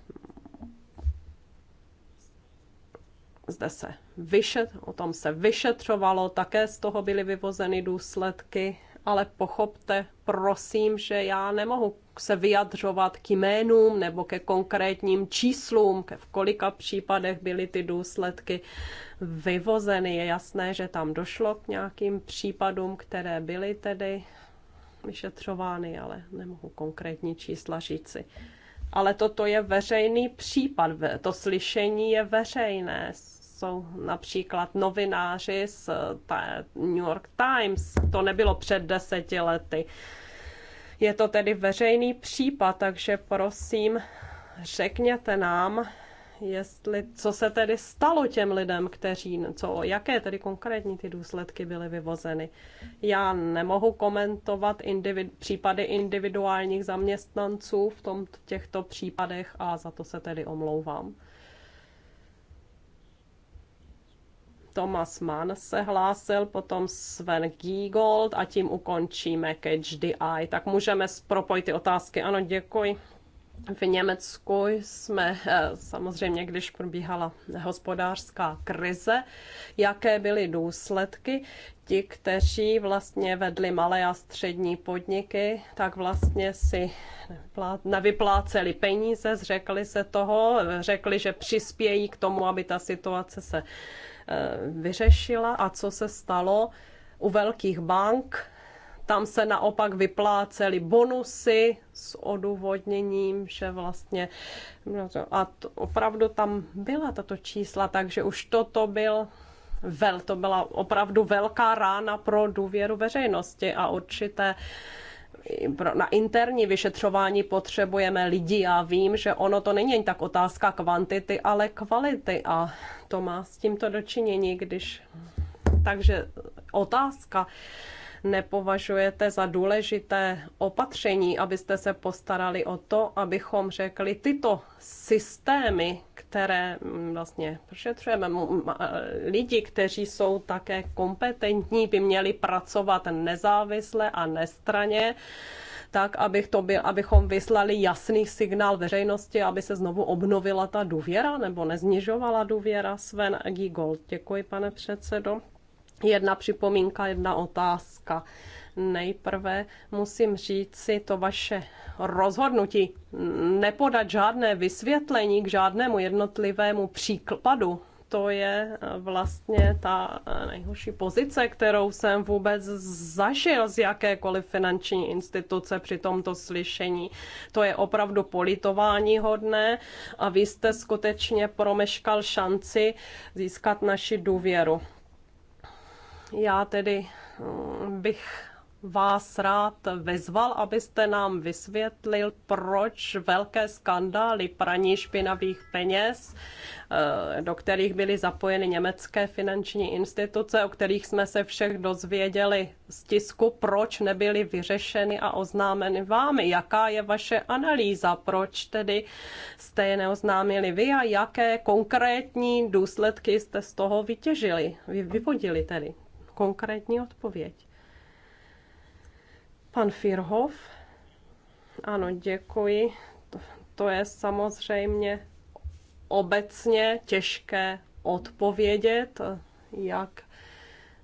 zde se vyšet, o tom se vyšetřovalo, také z toho byly vyvozeny důsledky ale pochopte, prosím, že já nemohu se vyjadřovat k jménům nebo ke konkrétním číslům, ke v kolika případech byly ty důsledky vyvozeny. Je jasné, že tam došlo k nějakým případům, které byly tedy vyšetřovány, ale nemohu konkrétní čísla říci. Ale toto je veřejný případ, to slyšení je veřejné jsou například novináři z eh, New York Times. To nebylo před deseti lety. Je to tedy veřejný případ, takže prosím, řekněte nám, jestli, co se tedy stalo těm lidem, kteří, co, jaké tedy konkrétní ty důsledky byly vyvozeny. Já nemohu komentovat individ, případy individuálních zaměstnanců v tom, těchto případech a za to se tedy omlouvám. Thomas Mann se hlásil, potom Sven Giegold a tím ukončíme Catch the Eye. Tak můžeme propojit ty otázky. Ano, děkuji. V Německu jsme eh, samozřejmě, když probíhala hospodářská krize, jaké byly důsledky. Ti, kteří vlastně vedli malé a střední podniky, tak vlastně si nevypláceli peníze, zřekli se toho, eh, řekli, že přispějí k tomu, aby ta situace se Eh, vyřešila a co se stalo u velkých bank. Tam se naopak vyplácely bonusy s odůvodněním, že vlastně no a to, opravdu tam byla tato čísla, takže už toto byl vel, to byla opravdu velká rána pro důvěru veřejnosti a určité na interní vyšetřování potřebujeme lidi. Já vím, že ono to není tak otázka kvantity, ale kvality a to má s tímto dočinění, když... Takže otázka nepovažujete za důležité opatření, abyste se postarali o to, abychom řekli tyto systémy, které vlastně prošetřujeme, lidi, kteří jsou také kompetentní, by měli pracovat nezávisle a nestraně, tak, abych to byl, abychom vyslali jasný signál veřejnosti, aby se znovu obnovila ta důvěra nebo neznižovala důvěra. Sven Gigold. Děkuji, pane předsedo. Jedna připomínka, jedna otázka. Nejprve musím říct si to vaše rozhodnutí nepodat žádné vysvětlení k žádnému jednotlivému příkladu. To je vlastně ta nejhorší pozice, kterou jsem vůbec zažil z jakékoliv finanční instituce při tomto slyšení. To je opravdu politování hodné a vy jste skutečně promeškal šanci získat naši důvěru. Já tedy eh, bych vás rád vyzval, abyste nám vysvětlil, proč velké skandály praní špinavých peněz, eh, do kterých byly zapojeny německé finanční instituce, o kterých jsme se všech dozvěděli z tisku, proč nebyly vyřešeny a oznámeny vámi. Jaká je vaše analýza, proč tedy jste je neoznámili vy a jaké konkrétní důsledky jste z toho vytěžili, vyvodili tedy? konkrétní odpověď. Pan Firhov, ano, děkuji. To, to je samozřejmě obecně těžké odpovědět, jak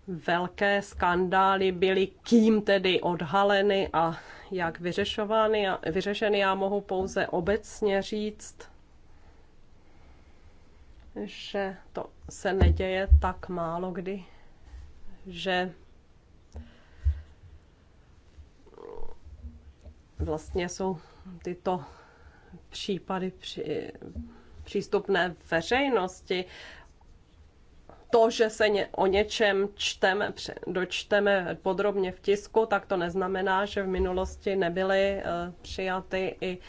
velké skandály byly kým tedy odhaleny a jak vyřešovány. A vyřešeny já mohu pouze obecně říct, že to se neděje tak málo kdy že vlastně jsou tyto případy při, přístupné veřejnosti. To, že se ně, o něčem čteme, dočteme podrobně v tisku, tak to neznamená, že v minulosti nebyly eh, přijaty i uh,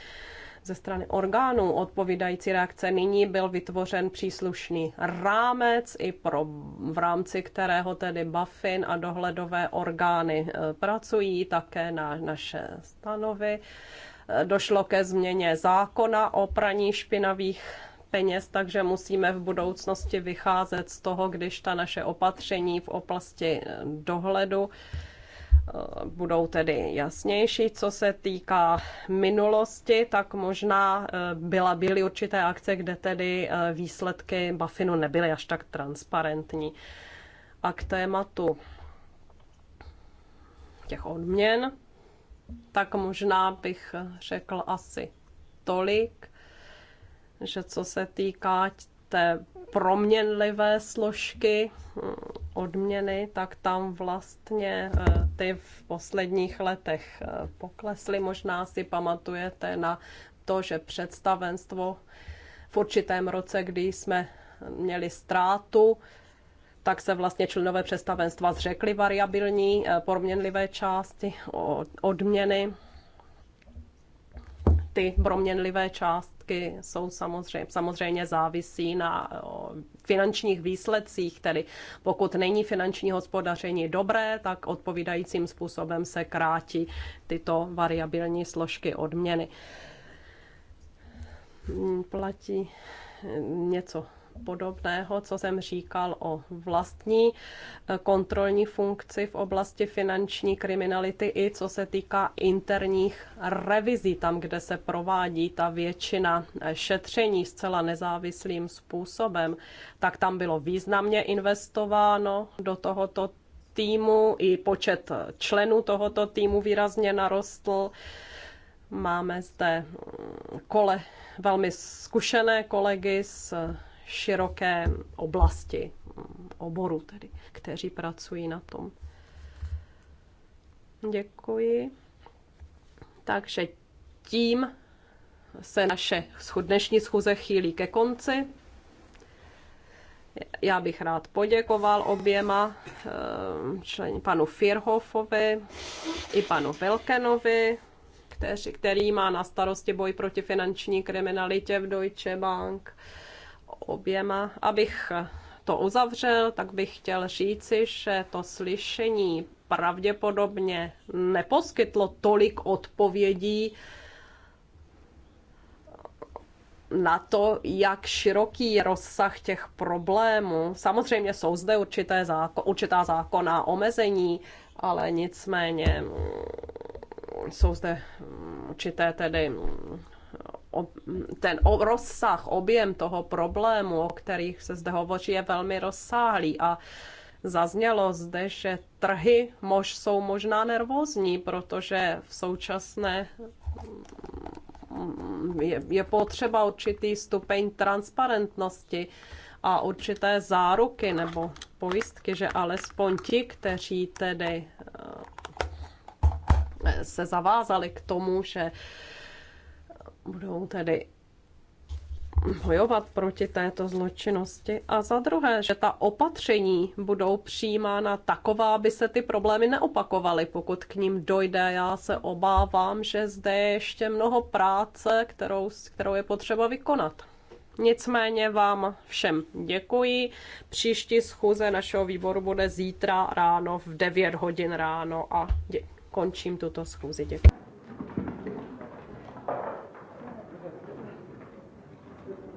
ze strany orgánů odpovídající reakce. Nyní byl vytvořen příslušný rámec i pro, v rámci kterého tedy BaFin a dohledové orgány e, pracují také na naše stanovy. E, došlo ke změně zákona o praní špinavých peněz, takže musíme v budoucnosti vycházet z toho, když ta naše opatření v oblasti e, dohledu budou tedy jasnější. Co se týká minulosti, tak možná eh, byla, byly určité akce, kde tedy eh, výsledky Buffinu nebyly až tak transparentní. A k tématu těch odměn, tak možná bych řekl asi tolik, že co se týká té proměnlivé složky hm, odměny, tak tam vlastně eh, ty v posledních letech eh, poklesly. Možná si pamatujete na to, že představenstvo v určitém roce, kdy jsme měli ztrátu, tak se vlastně členové představenstva zřekli variabilní eh, proměnlivé části odměny. Ty proměnlivé části výsledky jsou samozřejmě, samozřejmě závisí na finančních výsledcích, tedy pokud není finanční hospodaření dobré, tak odpovídajícím způsobem se krátí tyto variabilní složky odměny. Hmm, platí hmm, něco podobného, co jsem říkal o vlastní eh, kontrolní funkci v oblasti finanční kriminality i co se týká interních revizí, tam, kde se provádí ta většina eh, šetření zcela nezávislým způsobem, tak tam bylo významně investováno do tohoto týmu, i počet eh, členů tohoto týmu výrazně narostl. Máme zde mm, kole, velmi zkušené kolegy z široké oblasti, oboru tedy, kteří pracují na tom. Děkuji. Takže tím se naše dnešní schůze chýlí ke konci. Já bych rád poděkoval oběma eh, člen, panu Firhofovi i panu Velkenovi, kteří, který má na starosti boj proti finanční kriminalitě v Deutsche Bank oběma. Abych to uzavřel, tak bych chtěl říci, že to slyšení pravděpodobně neposkytlo tolik odpovědí na to, jak široký je rozsah těch problémů. Samozřejmě jsou zde určité záko- určitá zákonná omezení, ale nicméně jsou zde určité tedy ten rozsah, objem toho problému, o kterých se zde hovoří, je velmi rozsáhlý a Zaznělo zde, že trhy mož jsou možná nervózní, protože v současné mm, je, je potřeba určitý stupeň transparentnosti a určité záruky nebo pojistky, že alespoň ti, kteří tedy eh, se zavázali k tomu, že budou tedy bojovat proti této zločinnosti a za druhé, že ta opatření budou přijímána taková, aby se ty problémy neopakovaly, pokud k ním dojde. Já se obávám, že zde je ještě mnoho práce, kterou, kterou je potřeba vykonat. Nicméně vám všem děkuji. Příští schůze našeho výboru bude zítra ráno v 9 hodin ráno a končím tuto schůzi. Děkuji.